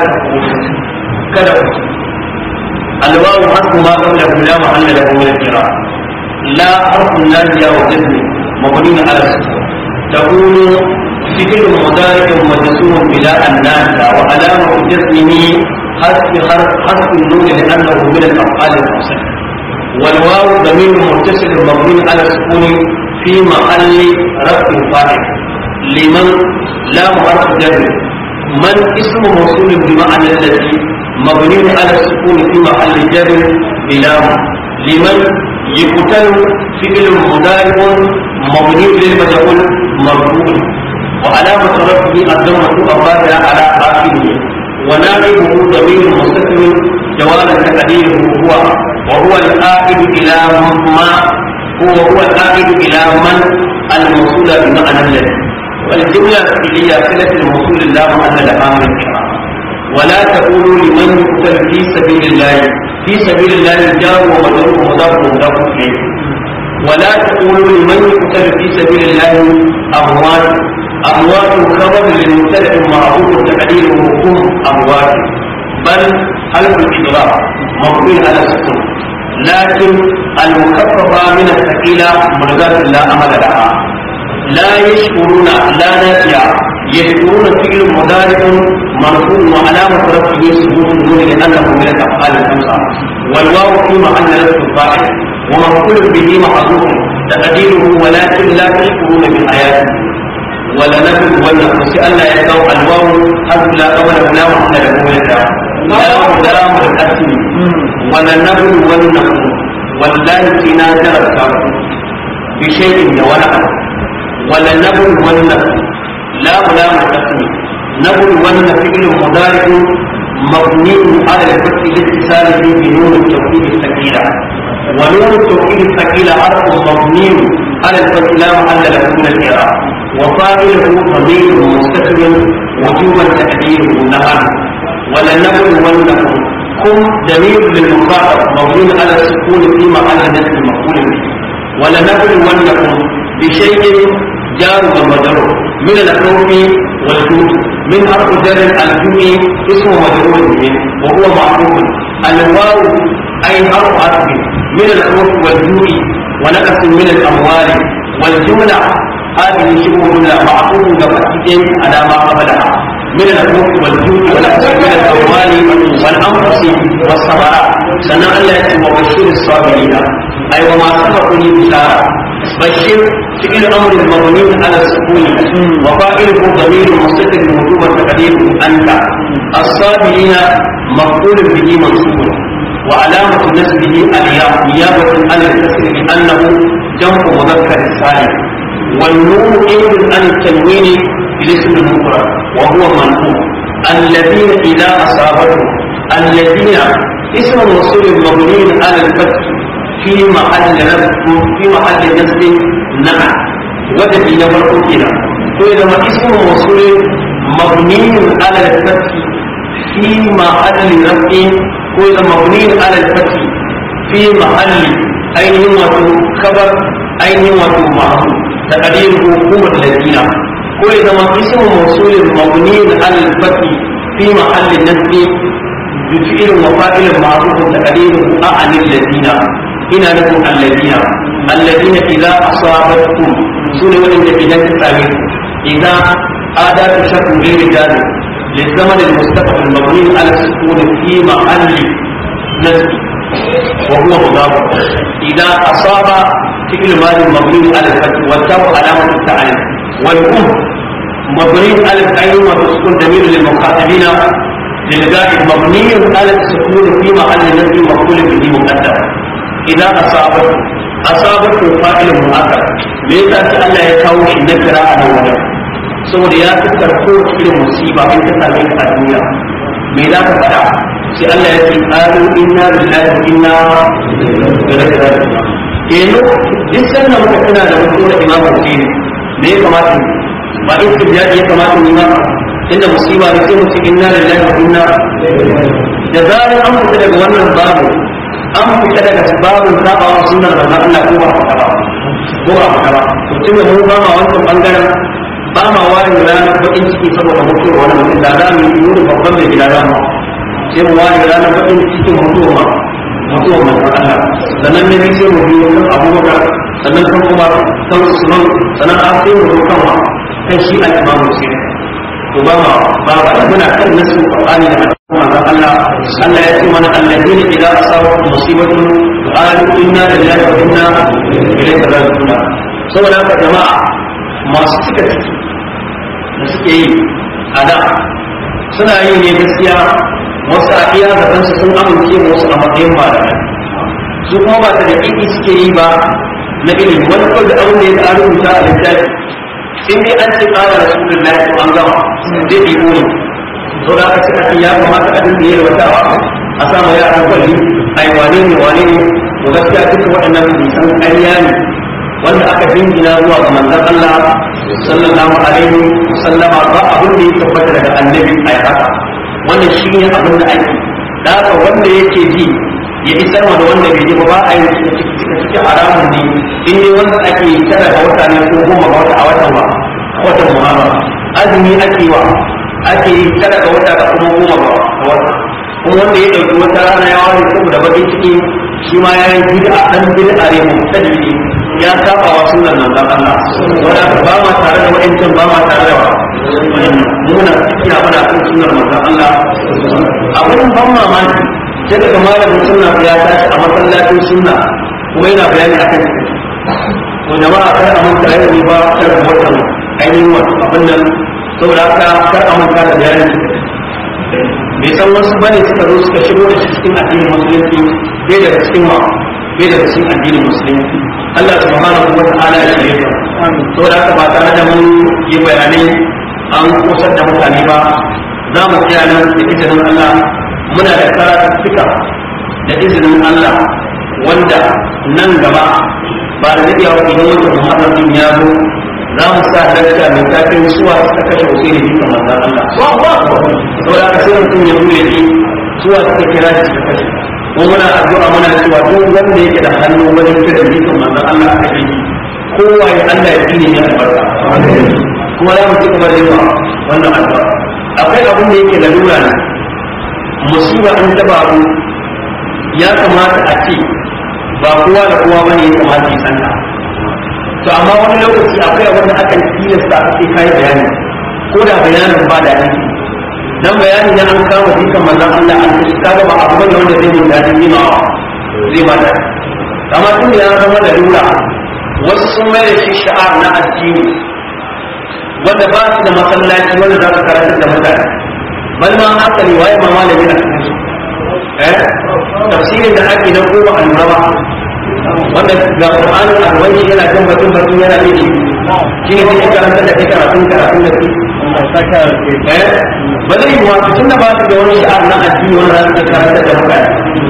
kada alwawu harfu ma qabla la mahalla lahu min al la harfu najiya wa ismi mabniun ala بلا الناس وعلامة جسمه حذف حذف النون لأنه من الأفعال المحسنة والواو ضمير متصل مبني على السكون في محل رفع فاعل لمن لا حرف جر من اسم موصول بمعنى الذي مبني على السكون في محل جر بلام لمن يقتل فعل مضارع مبني للمجهول مرفوع وعلامة رفعه الضمة الظاهرة على آخره ونائبه ضمير مستتر جوابا تقديره هو وهو العائد إلى ما هو هو العائد إلى من الموصول بمعنى الذي الجملة هي صلة الموصول لا محل لها من الإعراب ولا تقولوا لمن يقتل في سبيل الله في سبيل الله الجار ومدعوه ومضاف ومضاف إليه ولا تقولوا لمن يقتل في سبيل الله أموات أموات خبر للمبتدع معروف تعليل وقوم أموات بل حلف الإجراء مقبول على السكون لكن المخففة من الثقيلة مرضات لا أمل لها لا يشكرون لا نافع يشكرون فعل مضارع مرفوع وعلامة رفعه سجود دون لأنه من الأفعال الخمسة والواو في محل رفع الفاعل ومفعول به محذوف تقديره ولكن لا تشكرون بالآيات ولنبلونكم سألنا يدعو الواو لا أول لا محل له من الأفعال لا مدام الحسن ولنبلونكم والله سنا تركه بشيء ونعم ولا نبل لا ولا التسمية نبل فعل مضارع مبني على الفتح به بنور التوحيد الثقيلة ونور التوحيد الثقيلة حرف مبني على الفتح لا محل له من الإعراب وفاعله ضمير مستتر وجوبا تقديره نعم ولا نبل ون كن دليل للمخاطر مبني على السكون في محل نسب مفعول به ولنبلونكم بشيء جار ومجرور من الحروف والجود من حرف جر الجمع اسمه مجرور به وهو معروف الواو اي حرف عربي من الحروف والجود ونقص من الاموال والجمله هذه شبه جمله معقول على ما قبلها من الخوف والجود والأسف من الأموال والأنفس والثمرات سنة الله وبشر الصابرين أي وما سبقني بشارة بشر في أمر المبني على السكون وقائله ضمير مستتر وجوب تقدير أنت الصابرين مقبول به منصوب وعلامة نسبه الياء نيابة عن الكسر لأنه جمع مذكر سالم والنور عند عن التنوين بالاسم المفرد وهو منقول الذين إلى أصابتهم الذين اسم الرسول مبني على الفتح في محل نفسه في محل نفسه نعم وجد إلى مرقوم إلى فإذا اسم الرسول مبني على الفتح في محل نفسه وإذا مبني على الفتح في محل أين هو خبر أين هو معه تقدير حكومة الذين كل ما اسم موصول المبني على الفتح في محل النسب بفعل وفاعل معروف تقديره عن الذين إنا لكم الذين الذين إذا أصابتكم سنة وإن إذا تسامي إذا هذا تشكل غير ذلك للزمن المستقبل المبني على السكون في محل نسب وهو مضاف إذا أصاب فعل ماضي مبني على الفتح والتو علامة التعليم والأم مبني ألف عين وتسكن ضمير للمخاطبين للقائد مبني ألف سكون في محل نفي مقبول به مقدم إذا أصابت أصابت فاعل مؤخر ليس الله يكاوش نكرة أنا وجهه saboda ya fitar kowace irin musiba in ta same ka a duniya me za ka faɗa sai Allah ya ce qalu inna lillahi wa inna ilaihi raji'un kenan duk sannan muka tana da mutum da imam Hussein me ba istibdadi ya kamata mu ba inda musiba ne sai mu ce inna lillahi wa inna da zarar an fita daga wannan babu an fita daga babun sabawa sunnar manzon Allah ko ba ka ba ko ba ka ba to tunda mu ba ma wannan bangaren ba ma wani ranar bakin ciki saboda mutuwar wani mutum da za mu yi yuri babban mai gida za mu sai mu wani ranar bakin cikin ma mutuwar manzon Allah sannan ne sai mu biyo kan abubakar sannan kan umar kan usman sannan a sai mu kan kan shi al-imam al ba ma ba ba muna kan nasu qur'ani da manzon Allah Allah ya ce mana alladina idza asabatu musibatu qalu inna lillahi wa inna ilaihi raji'un saboda haka jama'a masu cika ciki da suke yi a da suna yi ne gaskiya wasu a iya gaban su sun amince wasu a matsayin da su kuma ba ta da kiki suke yi ba na ilimi wani kawai da abin da ya ta a littafi in dai an ce da su da ko an gama zai bi ne to da aka ce a ya kamata a dinga yin watawa a samu yaran kwalli yi wane ne wane ne to gaskiya duka waɗannan bisan ƙarya ne wanda aka na zuwa ga manzan Allah sallallahu alaihi wasallama ba abin da ya tabbata daga annabi yi haka wannan shi ne abin da ake da wanda yake ji ya isar wa da wanda bai ji ba ba a yi cikin haramun ne in ne wanda ake yi tara ga wata ne ko goma ga wata a watan ba watan muharra azumi ake wa ake yi tara ga wata da kuma goma ga wata kuma wanda ya ɗauki wata rana ya kuma da bakin ciki shi ma ya yi bid'a a bid'a ne mutaddi ya saba wa sunan nan dan Allah wanda ba ma tare da wa'ancan ba ma tare da wa muna kira mana kan sunan manzon Allah abin ban mamaki sai daga malamin suna ya tashi a masallacin suna kuma yana bayani akan ko jama'a kar a manta yau ne ba kar a watan ainihin wasu abin nan saboda haka kar a manta da bayanin bai san wasu bane suka zo suka shigo da shi cikin addinin musulunci bai daga cikin ma bai daga cikin addinin musulunci Allah subhanahu wa ta'ala ya shirye ka saboda haka ba tare da mun yi bayanai an kusa da mutane ba za mu kiyaye nan da izinin Allah muna da karatuttuka da izinin Allah wanda nan gaba ba da zai yawa idan wata muhammadin ya zo za mu sa dakta mai tafin suwa ta kashe wasu ne duka manzan Allah a aka sai mutum ya buɗe ne suwa suka kira shi ta kashe ko muna addu'a muna cewa duk wanda yake da hannu wajen kira duka manzan Allah a kai kowa ya Allah ya ne ya albarka kuma za mu ci gaba da yawa wannan addu'a akwai abin da yake lalura ne musiba an taba ku ya kamata a ce ba kowa da kowa bane ya kamata ya santa to amma wani lokaci akwai wanda akan tilasta a ce kai bayani ko da bayanin ba da ni dan bayani ya an kama shi kan Allah an shi kaga ba abu bane wanda zai dinga dadi ma zai ba da amma tun da ya zama da lura wasu sun mai shi sha'ar na addini wanda ba su da masallaci wanda za su karanta da mutane bal ma haka riwaya ma malami na eh tafsirin da ake na kuma al-rawa wanda ga Qur'ani wani yana kan batun batun yana ne shi ne take karanta da take karatun karatun da shi eh? ba zai yi wasu tunda ba su da wani sha'ar na addini wanda za su karanta da haka eh?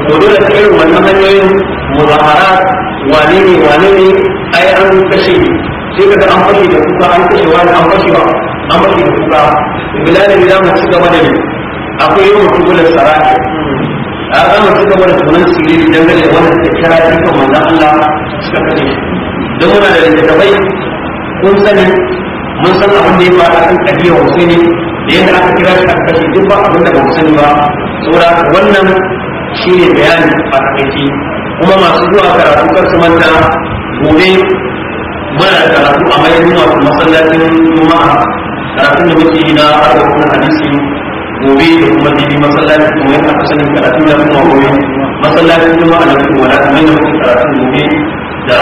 to dole ta irin wannan hanyoyin muzahara wane ne wane ne ai an kashe sai kaga an fashe da kuka an kashe wani an fashe ba amma da kusa bilal ne zamu ci gaba da akwai yawan kubulan sarari. a zamu ci gaba da sunan sirri dangane da wannan tattara dukkan manzon Allah suka kace don muna da littattafai kun sani mun san abin da ya fara kan kadiyar Husaini da yadda aka kira shi aka kashe duk ba abin da ba mu sani ba saboda wannan shine bayani a takaice kuma masu zuwa karatu kar su manta gobe muna karatu a mai masu masallacin juma'a karatun da muke yi na arzikin hadisi gobe da kuma jini masallacin kuma yana kusan karatun da kuma gobe masallacin kuma a nan kuma na kuma yana karatun gobe da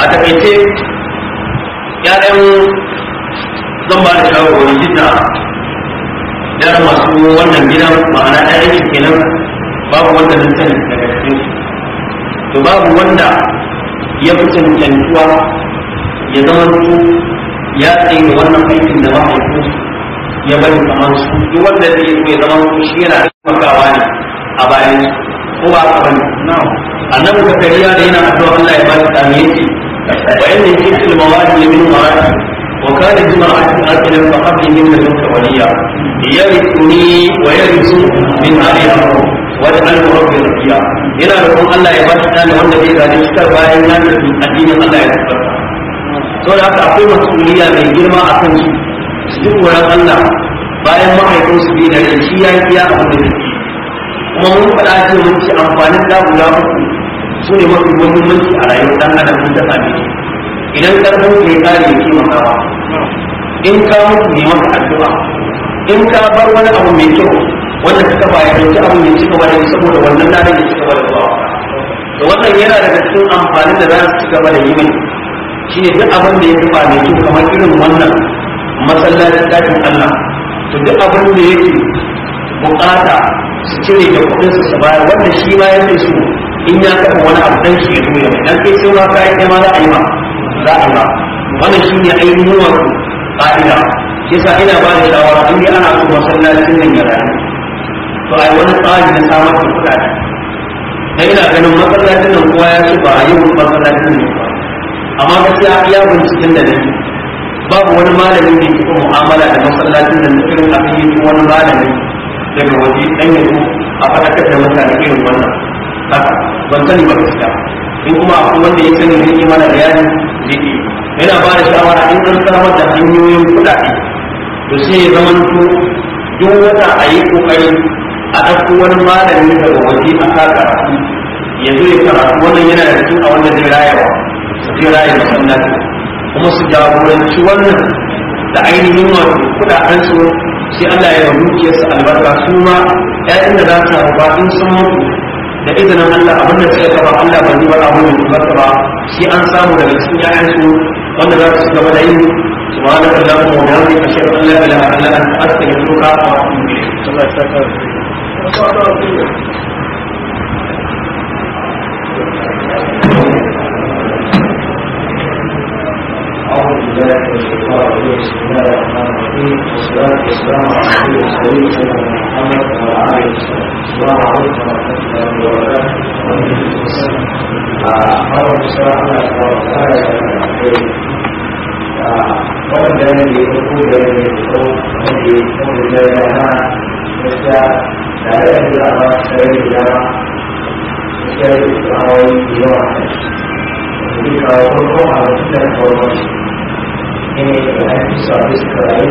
a takaice yaran zan ba da shawarwari jidda yaran masu wannan gidan ma'ana ɗaya ne kenan babu wanda na sani daga cikin to babu wanda ya fi cancantuwa ya zama ya tsaye wannan aikin da mahaifin ya bari kamar su duk wanda zai yi ya zama shi yana taimakawa ne a bayan ko ba ka bane annabi zakariya da yana addu'a Allah ya ba shi dan yake wa inna yakil mawadi min mawadi wa kana jima'atu akhirin fa qabli min ladunka waliya yarithuni wa yarithu min ali wani alwarfin rafiya yana da kuma Allah ya ba shi ɗani wanda zai gane shi bayan ya tafi addinin Allah ya tabbata saboda haka akwai mas'uliyya mai girma a kan su cikin wurin Allah bayan mahaifin su bi da shi ya kiya abin da yake kuma mun faɗa ce mun ci amfanin dagula uku su ne mafi muhimmanci a rayuwar ɗan adam da sami idan ƙarfin ka ya kare ya taimakawa in ka mutu ne maka addu'a in ka bar wani abu mai kyau wanda suka baya ɗauki abu ya cika gaba saboda wannan ladan ya cika gaba ba? To wannan yana daga cikin amfanin da za su ci gaba da yi mai shi ne duk abin da ya fi mai kyau kamar irin wannan masallacin ɗakin Allah to duk abin da yake bukata su cire da kuɗin su su bayar wanda shi ma ya fi so in ya kafa wani abu dan shi ya zo ya dan kai sai ka kayan kai ma za a yi ma za a yi ma wannan shi ne ainihin wato ƙa'ida shi yasa ina ba da shawara in dai ana so masallacin nan ya rayu to ai wani tsari na samar da kuɗaɗe dan ina ganin masallacin nan kowa ya ci ba yau masallacin nan ba amma gaskiya ya binciken da nake babu wani malamin da yake mu'amala da masallacin da irin abin yake wani malamin daga waje dan yanzu a fadakar da mutane irin wannan haka ban sani ba gaskiya in kuma akwai wanda ya sani zai yi mana bayani da ke yana ba da shawara in an samar da hanyoyin kuɗaɗe to sai ya to duk wata a yi ƙoƙari a ɗauko wani malami daga waje a kaka ya zo ya karatu wannan yana da cikin a wanda zai rayawa kirayen sannati kuma su jagoranci wannan da ainihin wato kudaden su sai Allah ya rubuce su albarka su ma ƴaƴan da za su ba in sun mutu da izinin Allah abin da suka ba Allah ba ni ba abu ne ba ba sai an samu daga cikin ƴaƴan su wanda za su gaba da yin subhanallahi wa bihamdihi ashhadu an la ilaha illa anta astaghfiruka wa atubu ilayk Kita akan berbual tentang ini dalam episod ini.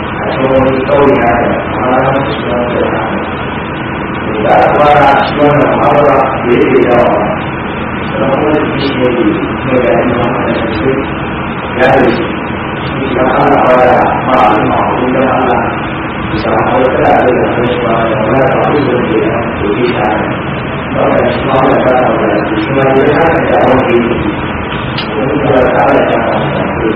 memberitahu ya orang semua jalan tidak para semua Allah diri jawab selama di sini mengenai mana itu bisa Allah pada malam maupun dalam bisa Allah tidak ada semua orang tapi berbeda berbeda bahkan semua mereka tahu semua mereka tidak mungkin untuk Allah tidak mungkin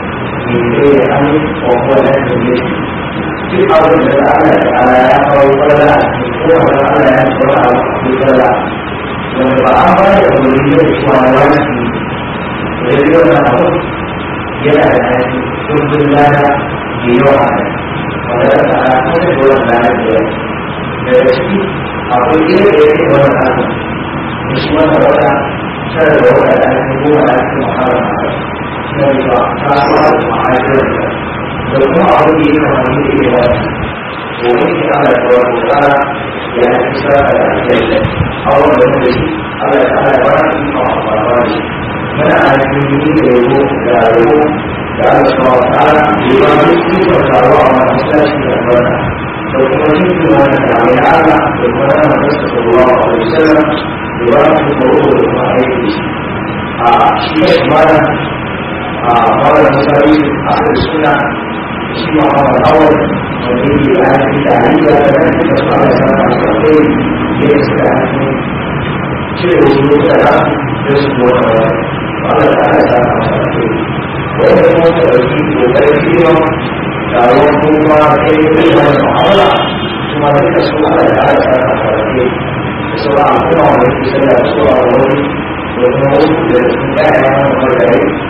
da an kwakwa da ake yi duk abin da Allah da ala ya kawo kwalla ko wanda da ya kawo a cikin da wanda ba an ba da wani da da yi wannan abu yana da haji sun bin lada da yawa a wanda ta ala ta da wannan lada da yawa daga ciki akwai iya da yake wannan abu da shi wannan wata tara da wata da ake goma da ake muhammadu 那个他说他还是有很好的地方，一个地方，我们给他来说，他原来是在那个，他我们那个，他来他来玩儿，挺好玩儿玩儿。那还是你给我给我，然后说他一般都是说他我们三十多个人，有什么兴趣我们聊一下啦，有什么认识的我们认识，有什么不熟的我们一起啊，一个什么呢？a wadda misali a kan suna shi ma kawai kawai da ke yi a yi da yi da da su ala sa a su ka yi su ka yi ce da su yi da ra su kuma da wadda wadda ta a su ka yi wadda kuma su ka yi da yau yi da yi da su ala su ala da ala sa da su ala kuma su ala wani su ka yi su ka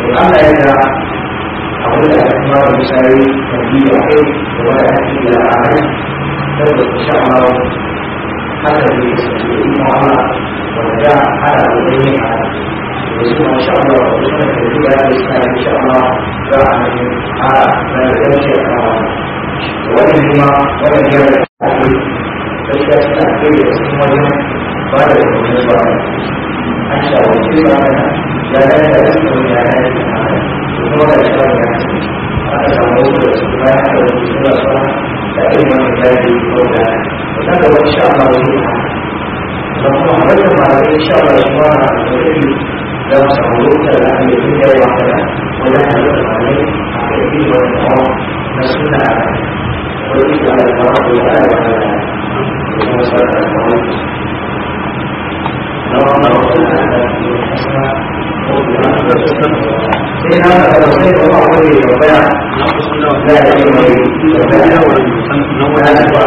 Allah ya da abin da aka kuma da misali da biyu a kai da wani ake da ra'ayi sai da kusa a mawa haka da ya sace in ma'amala wanda hada da wani ne a da su ma sha Allah da kuma da biya da sa ya sha Allah za a yi a da da ya ce a wannan kuma wannan ya da da shi ta kai da su kuma قال ابن حتى وكيف أنا لا لا تذكر من هذه الحالة وهو الشر يعني هذا موضوع الاجتماع والمسؤولة صلاة تأتينا من هذه القولة وهذا هو إن شاء الله وليها اللهم حرصهم على إن شاء الله سبحانه وتعالى لو سعودت لأن يكون وحدنا ولا نلقى عليه عقيدي والنعوم نسلنا على ويجب على الفرق والآل وعلى الله وصلى الله عليه وسلم sai na da sai ko ba wani da baya na kusa da ya yi mai da baya wani san na wani ba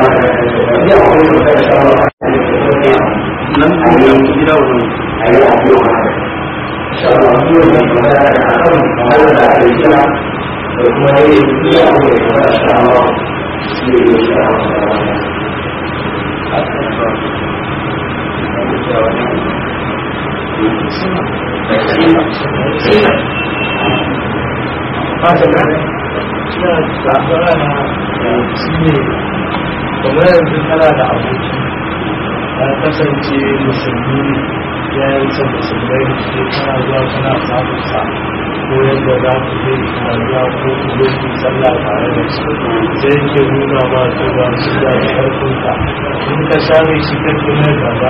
ya wani da ya shawo nan ko ya gida wani ayi a biyo wani shawo ko da ba da ka kan kawai da ke kira da kuma yi ya wani da shawo ne ya shawo kamar yanzu kana da aboki ya kasance musulmi ya yi son musulmai da suke kana zuwa kana samun sa ko yadda za ku je kana zuwa ko ku je ku sallah tare da su sai ke nuna ma cewa su da karfin ka in ka same shi ka kuma da ba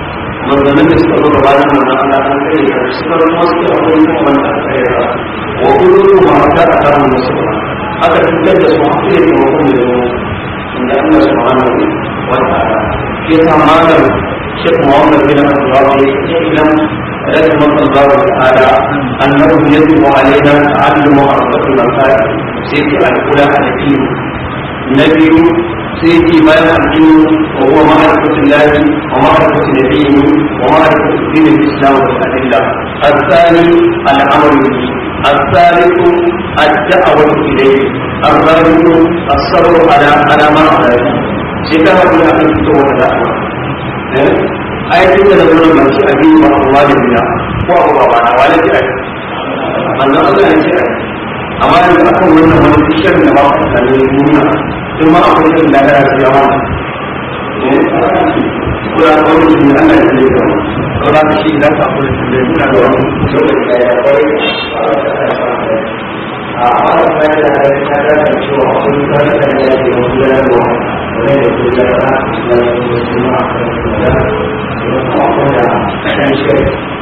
وزمن يستمر على من على يستمر المصري وقلوب من أخيرا وقلوب ما كان مصرا هذا تجلس معقلة وقوم اليوم عند الله سبحانه وتعالى كيف مالا شيخ محمد بن عبد الله يعلم رحمة الله تعالى أنه يجب علينا تعلم معرفة المسائل سيدي على كل الدين نبي سيدي ما الدين وهو معرفة الله ومعرفة نبيه ومعرفة دين الإسلام والأدلة الثاني العمل به الثالث الدعوة إليه الرابع الصبر على على ما عليه شكرا من أن تكون الدعوة أي تلك الأمور من شيء أبيه وأقوال الله وأبو بابانا والد أبيه من نقض أن شيء أبيه amma yanzu akan wannan wani fishiyar da ba ka tare da nuna sun ma akwai sun da ya fi yawa kura ko wani jini ana yi ne ga ko za ka shi za ka akwai sun da nuna da wani lokacin da ya kwari a wani bayan da ya ta dace cewa wani kwanan da ya ke wani gudanarwa wani da ke da rana da ya ke da kuma a kan da ya kuma akwai da kan shi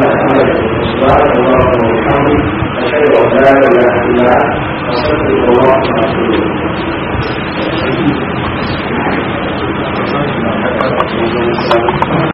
محمد سبحانك اللهم وبحمدك أشهد أن لا إله إلا أنت أستغفرك اللهم وأتوب إليك